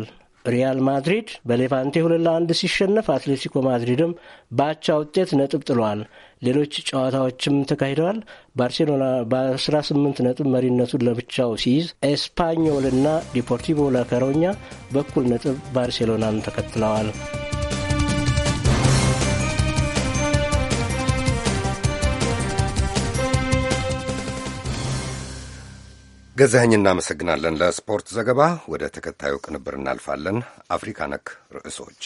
ሪያል ማድሪድ በሌቫንቴ ሁለት ለአንድ ሲሸነፍ አትሌቲኮ ማድሪድም በአቻ ውጤት ነጥብ ጥሏል ሌሎች ጨዋታዎችም ተካሂደዋል። ባርሴሎና በ18 ነጥብ መሪነቱን ለብቻው ሲይዝ፣ ኤስፓኞልና ዲፖርቲቮ ላከሮኛ በኩል ነጥብ ባርሴሎናን ተከትለዋል። ገዛኸኝ እናመሰግናለን ለስፖርት ዘገባ። ወደ ተከታዩ ቅንብር እናልፋለን። አፍሪካ ነክ ርዕሶች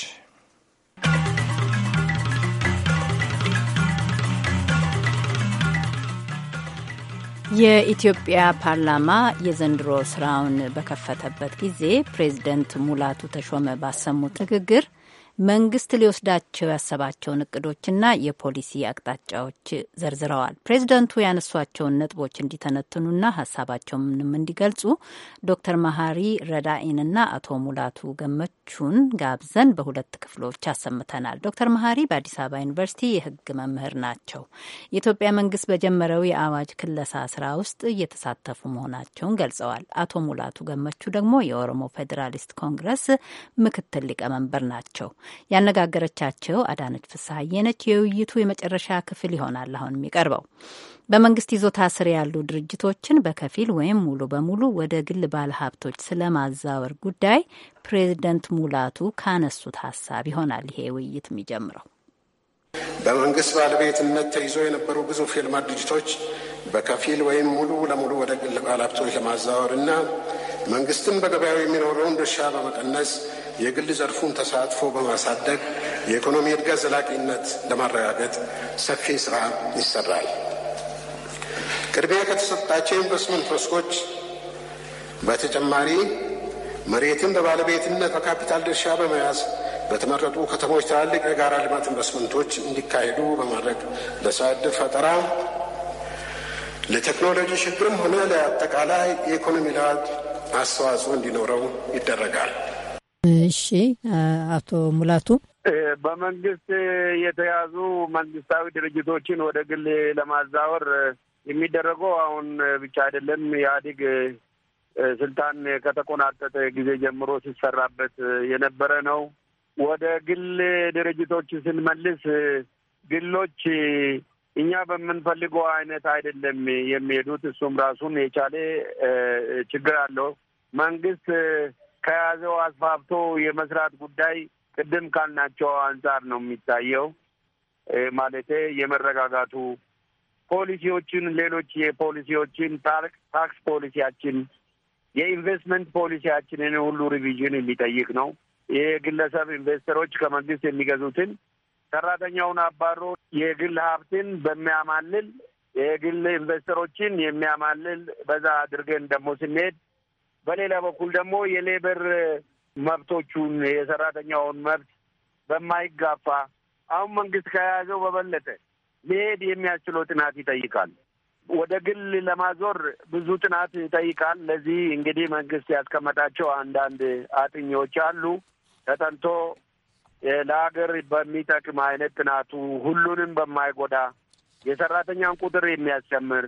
የኢትዮጵያ ፓርላማ የዘንድሮ ስራውን በከፈተበት ጊዜ ፕሬዚደንት ሙላቱ ተሾመ ባሰሙት ንግግር መንግስት ሊወስዳቸው ያሰባቸውን እቅዶችና የፖሊሲ አቅጣጫዎች ዘርዝረዋል። ፕሬዚደንቱ ያነሷቸውን ነጥቦች እንዲተነትኑና ሀሳባቸውንም እንዲገልጹ ዶክተር መሀሪ ረዳኢንና አቶ ሙላቱ ገመቹን ጋብዘን በሁለት ክፍሎች አሰምተናል። ዶክተር መሀሪ በአዲስ አበባ ዩኒቨርሲቲ የህግ መምህር ናቸው። የኢትዮጵያ መንግስት በጀመረው የአዋጅ ክለሳ ስራ ውስጥ እየተሳተፉ መሆናቸውን ገልጸዋል። አቶ ሙላቱ ገመቹ ደግሞ የኦሮሞ ፌዴራሊስት ኮንግረስ ምክትል ሊቀመንበር ናቸው። ያነጋገረቻቸው አዳነች ፍስሐዬ ነች። የውይይቱ የመጨረሻ ክፍል ይሆናል አሁን የሚቀርበው። በመንግስት ይዞታ ስር ያሉ ድርጅቶችን በከፊል ወይም ሙሉ በሙሉ ወደ ግል ባለሀብቶች ስለማዛወር ጉዳይ ፕሬዚደንት ሙላቱ ካነሱት ሀሳብ ይሆናል ይሄ ውይይት የሚጀምረው። በመንግስት ባለቤትነት ተይዞ የነበሩ ግዙፍ ፊልማ ድርጅቶች በከፊል ወይም ሙሉ ለሙሉ ወደ ግል ባለሀብቶች ለማዛወር እና መንግስትን በገበያው የሚኖረውን ድርሻ በመቀነስ የግል ዘርፉን ተሳትፎ በማሳደግ የኢኮኖሚ እድገት ዘላቂነት ለማረጋገጥ ሰፊ ስራ ይሰራል። ቅድሚያ ከተሰጣቸው ኢንቨስትመንት መስኮች በተጨማሪ መሬትን በባለቤትነት በካፒታል ድርሻ በመያዝ በተመረጡ ከተሞች ትላልቅ የጋራ ልማት ኢንቨስትመንቶች እንዲካሄዱ በማድረግ ለስራ ዕድል ፈጠራ፣ ለቴክኖሎጂ ሽግግርም ሆነ ለአጠቃላይ የኢኮኖሚ ልማት አስተዋጽኦ እንዲኖረው ይደረጋል። እሺ አቶ ሙላቱ በመንግስት የተያዙ መንግስታዊ ድርጅቶችን ወደ ግል ለማዛወር የሚደረገው አሁን ብቻ አይደለም። ኢህአዴግ ስልጣን ከተቆናጠጠ ጊዜ ጀምሮ ሲሰራበት የነበረ ነው። ወደ ግል ድርጅቶች ስንመልስ ግሎች እኛ በምንፈልገው አይነት አይደለም የሚሄዱት። እሱም ራሱን የቻለ ችግር አለው። መንግስት ከያዘው አስፋፍቶ የመስራት ጉዳይ ቅድም ካልናቸው አንጻር ነው የሚታየው። ማለት የመረጋጋቱ ፖሊሲዎችን፣ ሌሎች የፖሊሲዎችን ታክስ ፖሊሲያችን፣ የኢንቨስትመንት ፖሊሲያችንን ሁሉ ሪቪዥን የሚጠይቅ ነው። የግለሰብ ኢንቨስተሮች ከመንግስት የሚገዙትን ሰራተኛውን አባሮ የግል ሀብትን በሚያማልል የግል ኢንቨስተሮችን የሚያማልል በዛ አድርገን ደግሞ ስንሄድ በሌላ በኩል ደግሞ የሌበር መብቶቹን የሰራተኛውን መብት በማይጋፋ አሁን መንግስት ከያዘው በበለጠ ሊሄድ የሚያስችለው ጥናት ይጠይቃል። ወደ ግል ለማዞር ብዙ ጥናት ይጠይቃል። ለዚህ እንግዲህ መንግስት ያስቀመጣቸው አንዳንድ አጥኚዎች አሉ። ተጠንቶ ለሀገር በሚጠቅም አይነት ጥናቱ ሁሉንም በማይጎዳ የሰራተኛውን ቁጥር የሚያስጨምር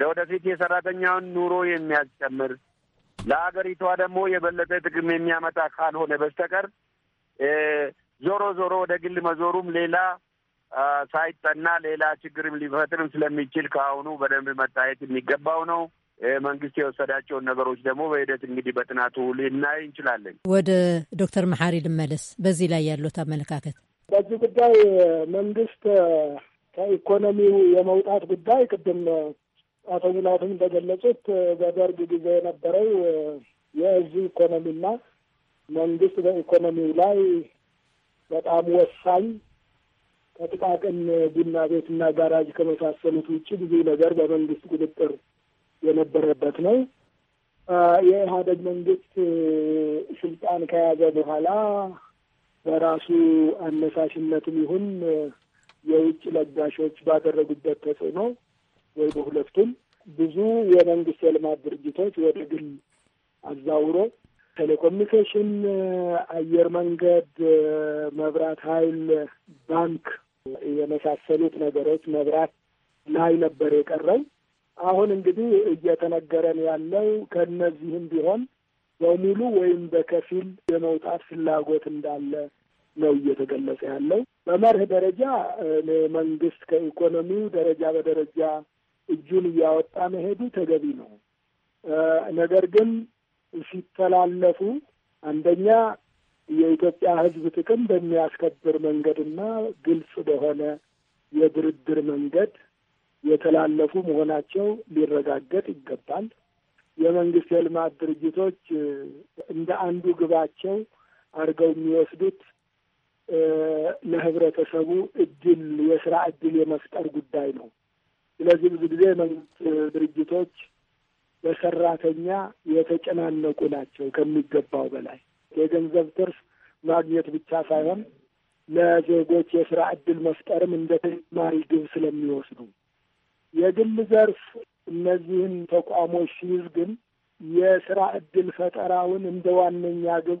ለወደፊት የሰራተኛውን ኑሮ የሚያስጨምር ለሀገሪቷ ደግሞ የበለጠ ጥቅም የሚያመጣ ካልሆነ በስተቀር ዞሮ ዞሮ ወደ ግል መዞሩም ሌላ ሳይጠና ሌላ ችግርም ሊፈጥርም ስለሚችል ከአሁኑ በደንብ መታየት የሚገባው ነው። መንግስት የወሰዳቸውን ነገሮች ደግሞ በሂደት እንግዲህ በጥናቱ ልናይ እንችላለን። ወደ ዶክተር መሐሪ ልመለስ። በዚህ ላይ ያሉት አመለካከት በዚህ ጉዳይ መንግስት ከኢኮኖሚው የመውጣት ጉዳይ ቅድም አቶ ሙላቱም እንደገለጹት በደርግ ጊዜ የነበረው የእዙ ኢኮኖሚና መንግስት በኢኮኖሚው ላይ በጣም ወሳኝ ከጥቃቅን ቡና ቤትና ጋራጅ ከመሳሰሉት ውጭ ብዙ ነገር በመንግስት ቁጥጥር የነበረበት ነው። የኢህአደግ መንግስት ስልጣን ከያዘ በኋላ በራሱ አነሳሽነትም ይሁን የውጭ ለጋሾች ባደረጉበት ተጽዕኖ ወይ በሁለቱም ብዙ የመንግስት የልማት ድርጅቶች ወደ ግል አዛውሮ ቴሌኮሙኒኬሽን፣ አየር መንገድ፣ መብራት ኃይል፣ ባንክ የመሳሰሉት ነገሮች መብራት ላይ ነበር የቀረው። አሁን እንግዲህ እየተነገረን ያለው ከእነዚህም ቢሆን በሙሉ ወይም በከፊል የመውጣት ፍላጎት እንዳለ ነው እየተገለጸ ያለው። በመርህ ደረጃ መንግስት ከኢኮኖሚው ደረጃ በደረጃ እጁን እያወጣ መሄዱ ተገቢ ነው። ነገር ግን ሲተላለፉ አንደኛ የኢትዮጵያ ሕዝብ ጥቅም በሚያስከብር መንገድና ግልጽ በሆነ የድርድር መንገድ የተላለፉ መሆናቸው ሊረጋገጥ ይገባል። የመንግስት የልማት ድርጅቶች እንደ አንዱ ግባቸው አድርገው የሚወስዱት ለህብረተሰቡ እድል የስራ እድል የመፍጠር ጉዳይ ነው። ስለዚህ ብዙ ጊዜ የመንግስት ድርጅቶች በሰራተኛ የተጨናነቁ ናቸው ከሚገባው በላይ። የገንዘብ ትርፍ ማግኘት ብቻ ሳይሆን ለዜጎች የስራ ዕድል መፍጠርም እንደ ተጨማሪ ግብ ስለሚወስዱ የግል ዘርፍ እነዚህን ተቋሞች ሲይዝ ግን የስራ ዕድል ፈጠራውን እንደ ዋነኛ ግብ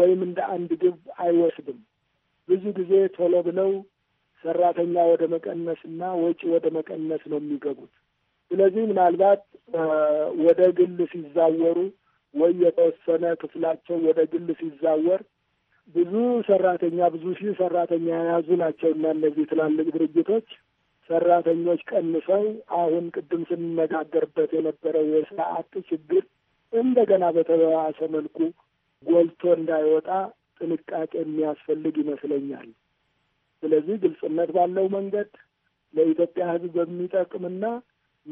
ወይም እንደ አንድ ግብ አይወስድም። ብዙ ጊዜ ቶሎ ብለው ሰራተኛ ወደ መቀነስ እና ወጪ ወደ መቀነስ ነው የሚገቡት። ስለዚህ ምናልባት ወደ ግል ሲዛወሩ ወይ የተወሰነ ክፍላቸው ወደ ግል ሲዛወር ብዙ ሰራተኛ ብዙ ሺህ ሰራተኛ የያዙ ናቸው እና እነዚህ ትላልቅ ድርጅቶች ሰራተኞች ቀንሰው አሁን ቅድም ስንነጋገርበት የነበረው የስራ ችግር እንደገና በተባሰ መልኩ ጎልቶ እንዳይወጣ ጥንቃቄ የሚያስፈልግ ይመስለኛል። ስለዚህ ግልጽነት ባለው መንገድ ለኢትዮጵያ ሕዝብ በሚጠቅምና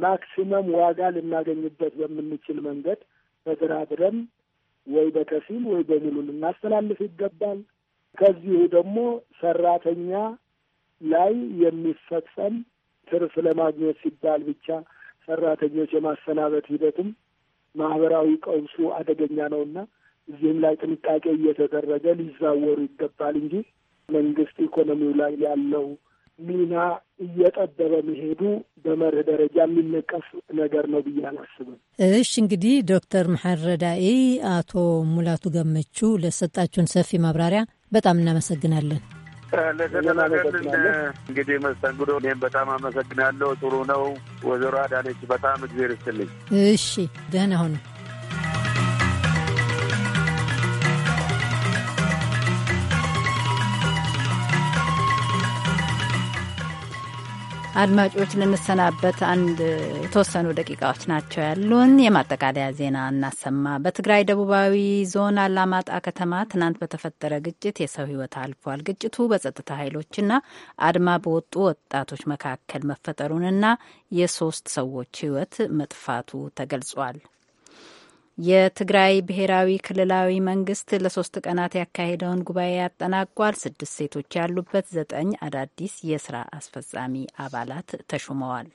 ማክሲመም ዋጋ ልናገኝበት በምንችል መንገድ ተደራድረን ወይ በከፊል ወይ በሙሉ ልናስተላልፍ ይገባል። ከዚሁ ደግሞ ሰራተኛ ላይ የሚፈጸም ትርፍ ለማግኘት ሲባል ብቻ ሰራተኞች የማሰናበት ሂደትም ማህበራዊ ቀውሱ አደገኛ ነውና እዚህም ላይ ጥንቃቄ እየተደረገ ሊዛወሩ ይገባል እንጂ መንግስት ኢኮኖሚው ላይ ያለው ሚና እየጠበበ መሄዱ በመርህ ደረጃ የሚነቀፍ ነገር ነው ብዬ አላስብም። እሽ እንግዲህ ዶክተር መሐረዳኢ አቶ ሙላቱ ገመቹ ለሰጣችሁን ሰፊ ማብራሪያ በጣም እናመሰግናለን። ለተናገርልን እንግዲህ መስተንግዶ እኔም በጣም አመሰግናለሁ። ጥሩ ነው። ወይዘሮ አዳነች በጣም እግዜር ይስጥልኝ። እሺ ደህና ሁኑ። አድማጮች ልንሰናበት አንድ የተወሰኑ ደቂቃዎች ናቸው ያሉን። የማጠቃለያ ዜና እናሰማ። በትግራይ ደቡባዊ ዞን አላማጣ ከተማ ትናንት በተፈጠረ ግጭት የሰው ሕይወት አልፏል። ግጭቱ በጸጥታ ኃይሎችና አድማ በወጡ ወጣቶች መካከል መፈጠሩንና የሶስት ሰዎች ሕይወት መጥፋቱ ተገልጿል። የትግራይ ብሔራዊ ክልላዊ መንግስት ለሶስት ቀናት ያካሄደውን ጉባኤ ያጠናቋል። ስድስት ሴቶች ያሉበት ዘጠኝ አዳዲስ የስራ አስፈጻሚ አባላት ተሹመዋል።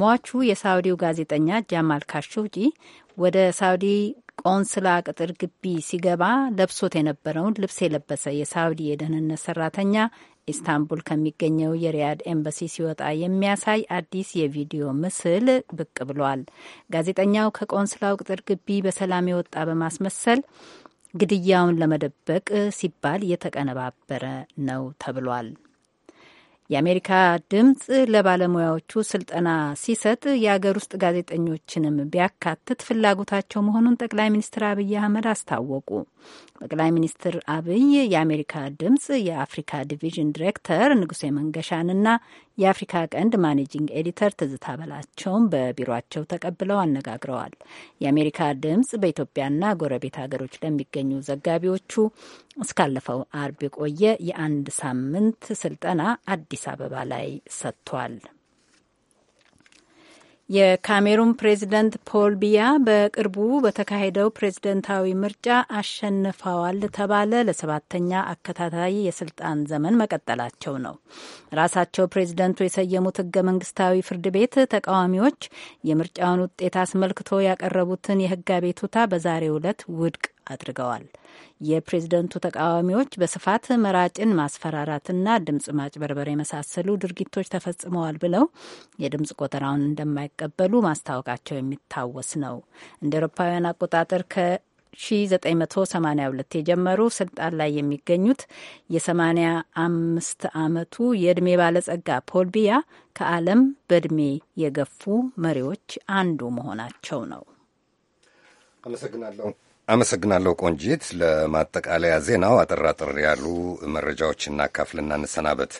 ሟቹ የሳውዲው ጋዜጠኛ ጃማል ካሾጂ ወደ ሳውዲ ቆንስላ ቅጥር ግቢ ሲገባ ለብሶት የነበረውን ልብስ የለበሰ የሳውዲ የደህንነት ሰራተኛ ኢስታንቡል ከሚገኘው የሪያድ ኤምባሲ ሲወጣ የሚያሳይ አዲስ የቪዲዮ ምስል ብቅ ብሏል። ጋዜጠኛው ከቆንስላው ቅጥር ግቢ በሰላም የወጣ በማስመሰል ግድያውን ለመደበቅ ሲባል እየተቀነባበረ ነው ተብሏል። የአሜሪካ ድምፅ ለባለሙያዎቹ ስልጠና ሲሰጥ የአገር ውስጥ ጋዜጠኞችንም ቢያካትት ፍላጎታቸው መሆኑን ጠቅላይ ሚኒስትር አብይ አህመድ አስታወቁ። ጠቅላይ ሚኒስትር አብይ የአሜሪካ ድምፅ የአፍሪካ ዲቪዥን ዲሬክተር ንጉሴ መንገሻንና የአፍሪካ ቀንድ ማኔጂንግ ኤዲተር ትዝታ በላቸውን በቢሮቸው ተቀብለው አነጋግረዋል። የአሜሪካ ድምፅ በኢትዮጵያና ጎረቤት ሀገሮች ለሚገኙ ዘጋቢዎቹ እስካለፈው አርብ የቆየ የአንድ ሳምንት ስልጠና አዲስ አበባ ላይ ሰጥቷል። የካሜሩን ፕሬዚደንት ፖል ቢያ በቅርቡ በተካሄደው ፕሬዝደንታዊ ምርጫ አሸንፈዋል ተባለ ለሰባተኛ አከታታይ የስልጣን ዘመን መቀጠላቸው ነው። ራሳቸው ፕሬዝደንቱ የሰየሙት ህገ መንግስታዊ ፍርድ ቤት ተቃዋሚዎች የምርጫውን ውጤት አስመልክቶ ያቀረቡትን የህግ አቤቱታ በዛሬው ዕለት ውድቅ አድርገዋል። የፕሬዝደንቱ ተቃዋሚዎች በስፋት መራጭን ማስፈራራትና ድምፅ ማጭበርበር የመሳሰሉ ድርጊቶች ተፈጽመዋል ብለው የድምፅ ቆጠራውን እንደማይቀበሉ ማስታወቃቸው የሚታወስ ነው። እንደ አውሮፓውያን አቆጣጠር ከ1982 የጀመሩ ስልጣን ላይ የሚገኙት የ85 ዓመቱ የዕድሜ ባለጸጋ ፖል ቢያ ከዓለም በዕድሜ የገፉ መሪዎች አንዱ መሆናቸው ነው። አመሰግናለሁ። አመሰግናለሁ ቆንጂት። ለማጠቃለያ ዜናው አጠራጥር ያሉ መረጃዎችን ካፍልና እናሰናበት።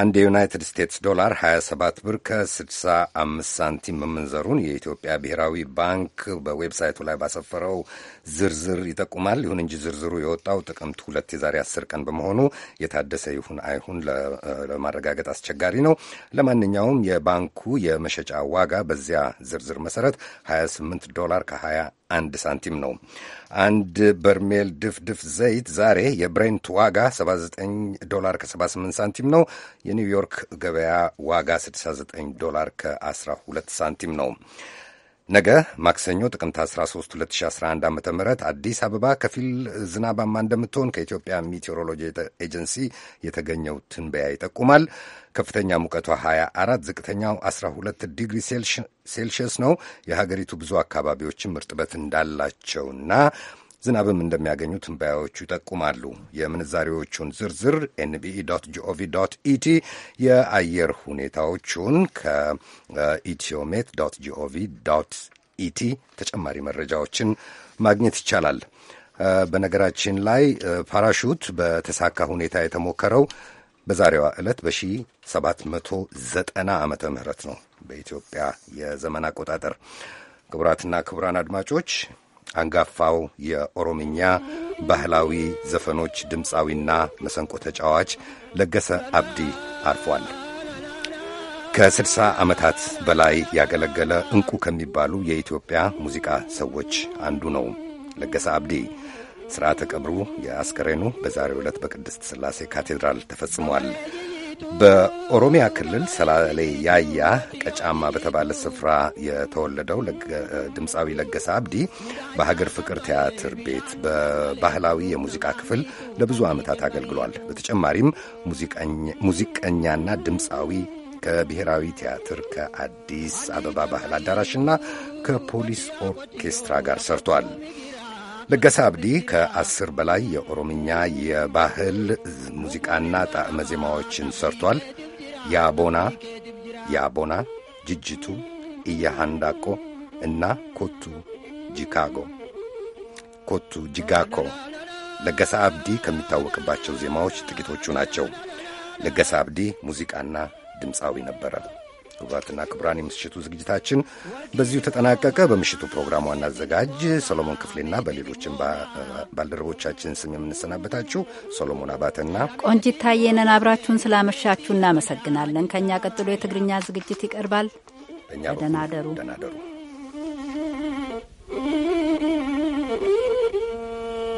አንድ የዩናይትድ ስቴትስ ዶላር 27 ብር ከ65 ሳንቲም መመንዘሩን የኢትዮጵያ ብሔራዊ ባንክ በዌብሳይቱ ላይ ባሰፈረው ዝርዝር ይጠቁማል። ይሁን እንጂ ዝርዝሩ የወጣው ጥቅምት ሁለት የዛሬ 10 ቀን በመሆኑ የታደሰ ይሁን አይሁን ለማረጋገጥ አስቸጋሪ ነው። ለማንኛውም የባንኩ የመሸጫ ዋጋ በዚያ ዝርዝር መሰረት 28 ዶላር ከ21 ሳንቲም ነው። አንድ በርሜል ድፍድፍ ዘይት ዛሬ የብሬንት ዋጋ 79 ዶላር ከ78 ሳንቲም ነው። የኒውዮርክ ገበያ ዋጋ 69 ዶላር ከ12 ሳንቲም ነው። ነገ ማክሰኞ ጥቅምት 13 2011 ዓ ም አዲስ አበባ ከፊል ዝናባማ እንደምትሆን ከኢትዮጵያ ሜቴሮሎጂ ኤጀንሲ የተገኘው ትንበያ ይጠቁማል። ከፍተኛ ሙቀቷ 24፣ ዝቅተኛው 12 ዲግሪ ሴልሽየስ ነው። የሀገሪቱ ብዙ አካባቢዎችም እርጥበት እንዳላቸውና ዝናብም እንደሚያገኙ ትንባያዎቹ ይጠቁማሉ። የምንዛሬዎቹን ዝርዝር ኤንቢኢ ጂኦቪ ኢቲ፣ የአየር ሁኔታዎቹን ከኢትዮሜት ጂኦቪ ኢቲ ተጨማሪ መረጃዎችን ማግኘት ይቻላል። በነገራችን ላይ ፓራሹት በተሳካ ሁኔታ የተሞከረው በዛሬዋ ዕለት በ1790 ዓመተ ምህረት ነው በኢትዮጵያ የዘመን አቆጣጠር። ክቡራትና ክቡራን አድማጮች አንጋፋው የኦሮምኛ ባህላዊ ዘፈኖች ድምፃዊና መሰንቆ ተጫዋች ለገሰ አብዲ አርፏል። 60 ዓመታት በላይ ያገለገለ ዕንቁ ከሚባሉ የኢትዮጵያ ሙዚቃ ሰዎች አንዱ ነው ለገሰ አብዲ። ሥርዓተ ቀብሩ የአስከሬኑ በዛሬው ዕለት በቅድስት ሥላሴ ካቴድራል ተፈጽሟል። በኦሮሚያ ክልል ሰላሌ ያያ ቀጫማ በተባለ ስፍራ የተወለደው ድምፃዊ ለገሰ አብዲ በሀገር ፍቅር ቲያትር ቤት በባህላዊ የሙዚቃ ክፍል ለብዙ ዓመታት አገልግሏል። በተጨማሪም ሙዚቀኛና ድምፃዊ ከብሔራዊ ቲያትር ከአዲስ አበባ ባህል አዳራሽና ከፖሊስ ኦርኬስትራ ጋር ሰርቷል። ለገሰ አብዲ ከአስር በላይ የኦሮምኛ የባህል ሙዚቃና ጣዕመ ዜማዎችን ሰርቷል። ያቦና ያቦና፣ ጅጅቱ፣ እያሃንዳቆ እና ኮቱ ጂካጎ ኮቱ ጂጋኮ ለገሰ አብዲ ከሚታወቅባቸው ዜማዎች ጥቂቶቹ ናቸው። ለገሰ አብዲ ሙዚቃና ድምፃዊ ነበረ። ክቡራትና ክቡራን የምሽቱ ዝግጅታችን በዚሁ ተጠናቀቀ። በምሽቱ ፕሮግራም ዋና አዘጋጅ ሰሎሞን ክፍሌና በሌሎችን ባልደረቦቻችን ስም የምንሰናበታችሁ ሰሎሞን አባተና ቆንጂት ታየ አብራችሁን ስላመሻችሁ እናመሰግናለን። ከእኛ ቀጥሎ የትግርኛ ዝግጅት ይቀርባል። ደህና ደሩ።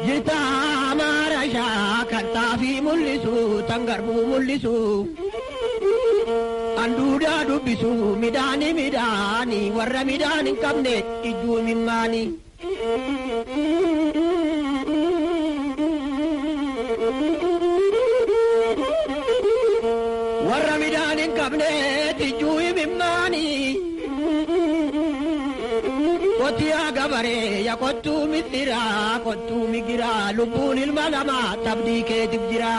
ይታማረሻ ከጣፊ ሙልሱ ተንገርቡ ሙልሱ kan duudhaa dubbisu midhaanii midhaanii warra midhaan hin qabne ijjuu mimmaanii. warra midhaan hin qabne ijjuu mimmaanii. Kotiyaa gabaree yaa kottuu mixiraa kottuu migiraa lubbuun ilma lama tabdii keetiif jira.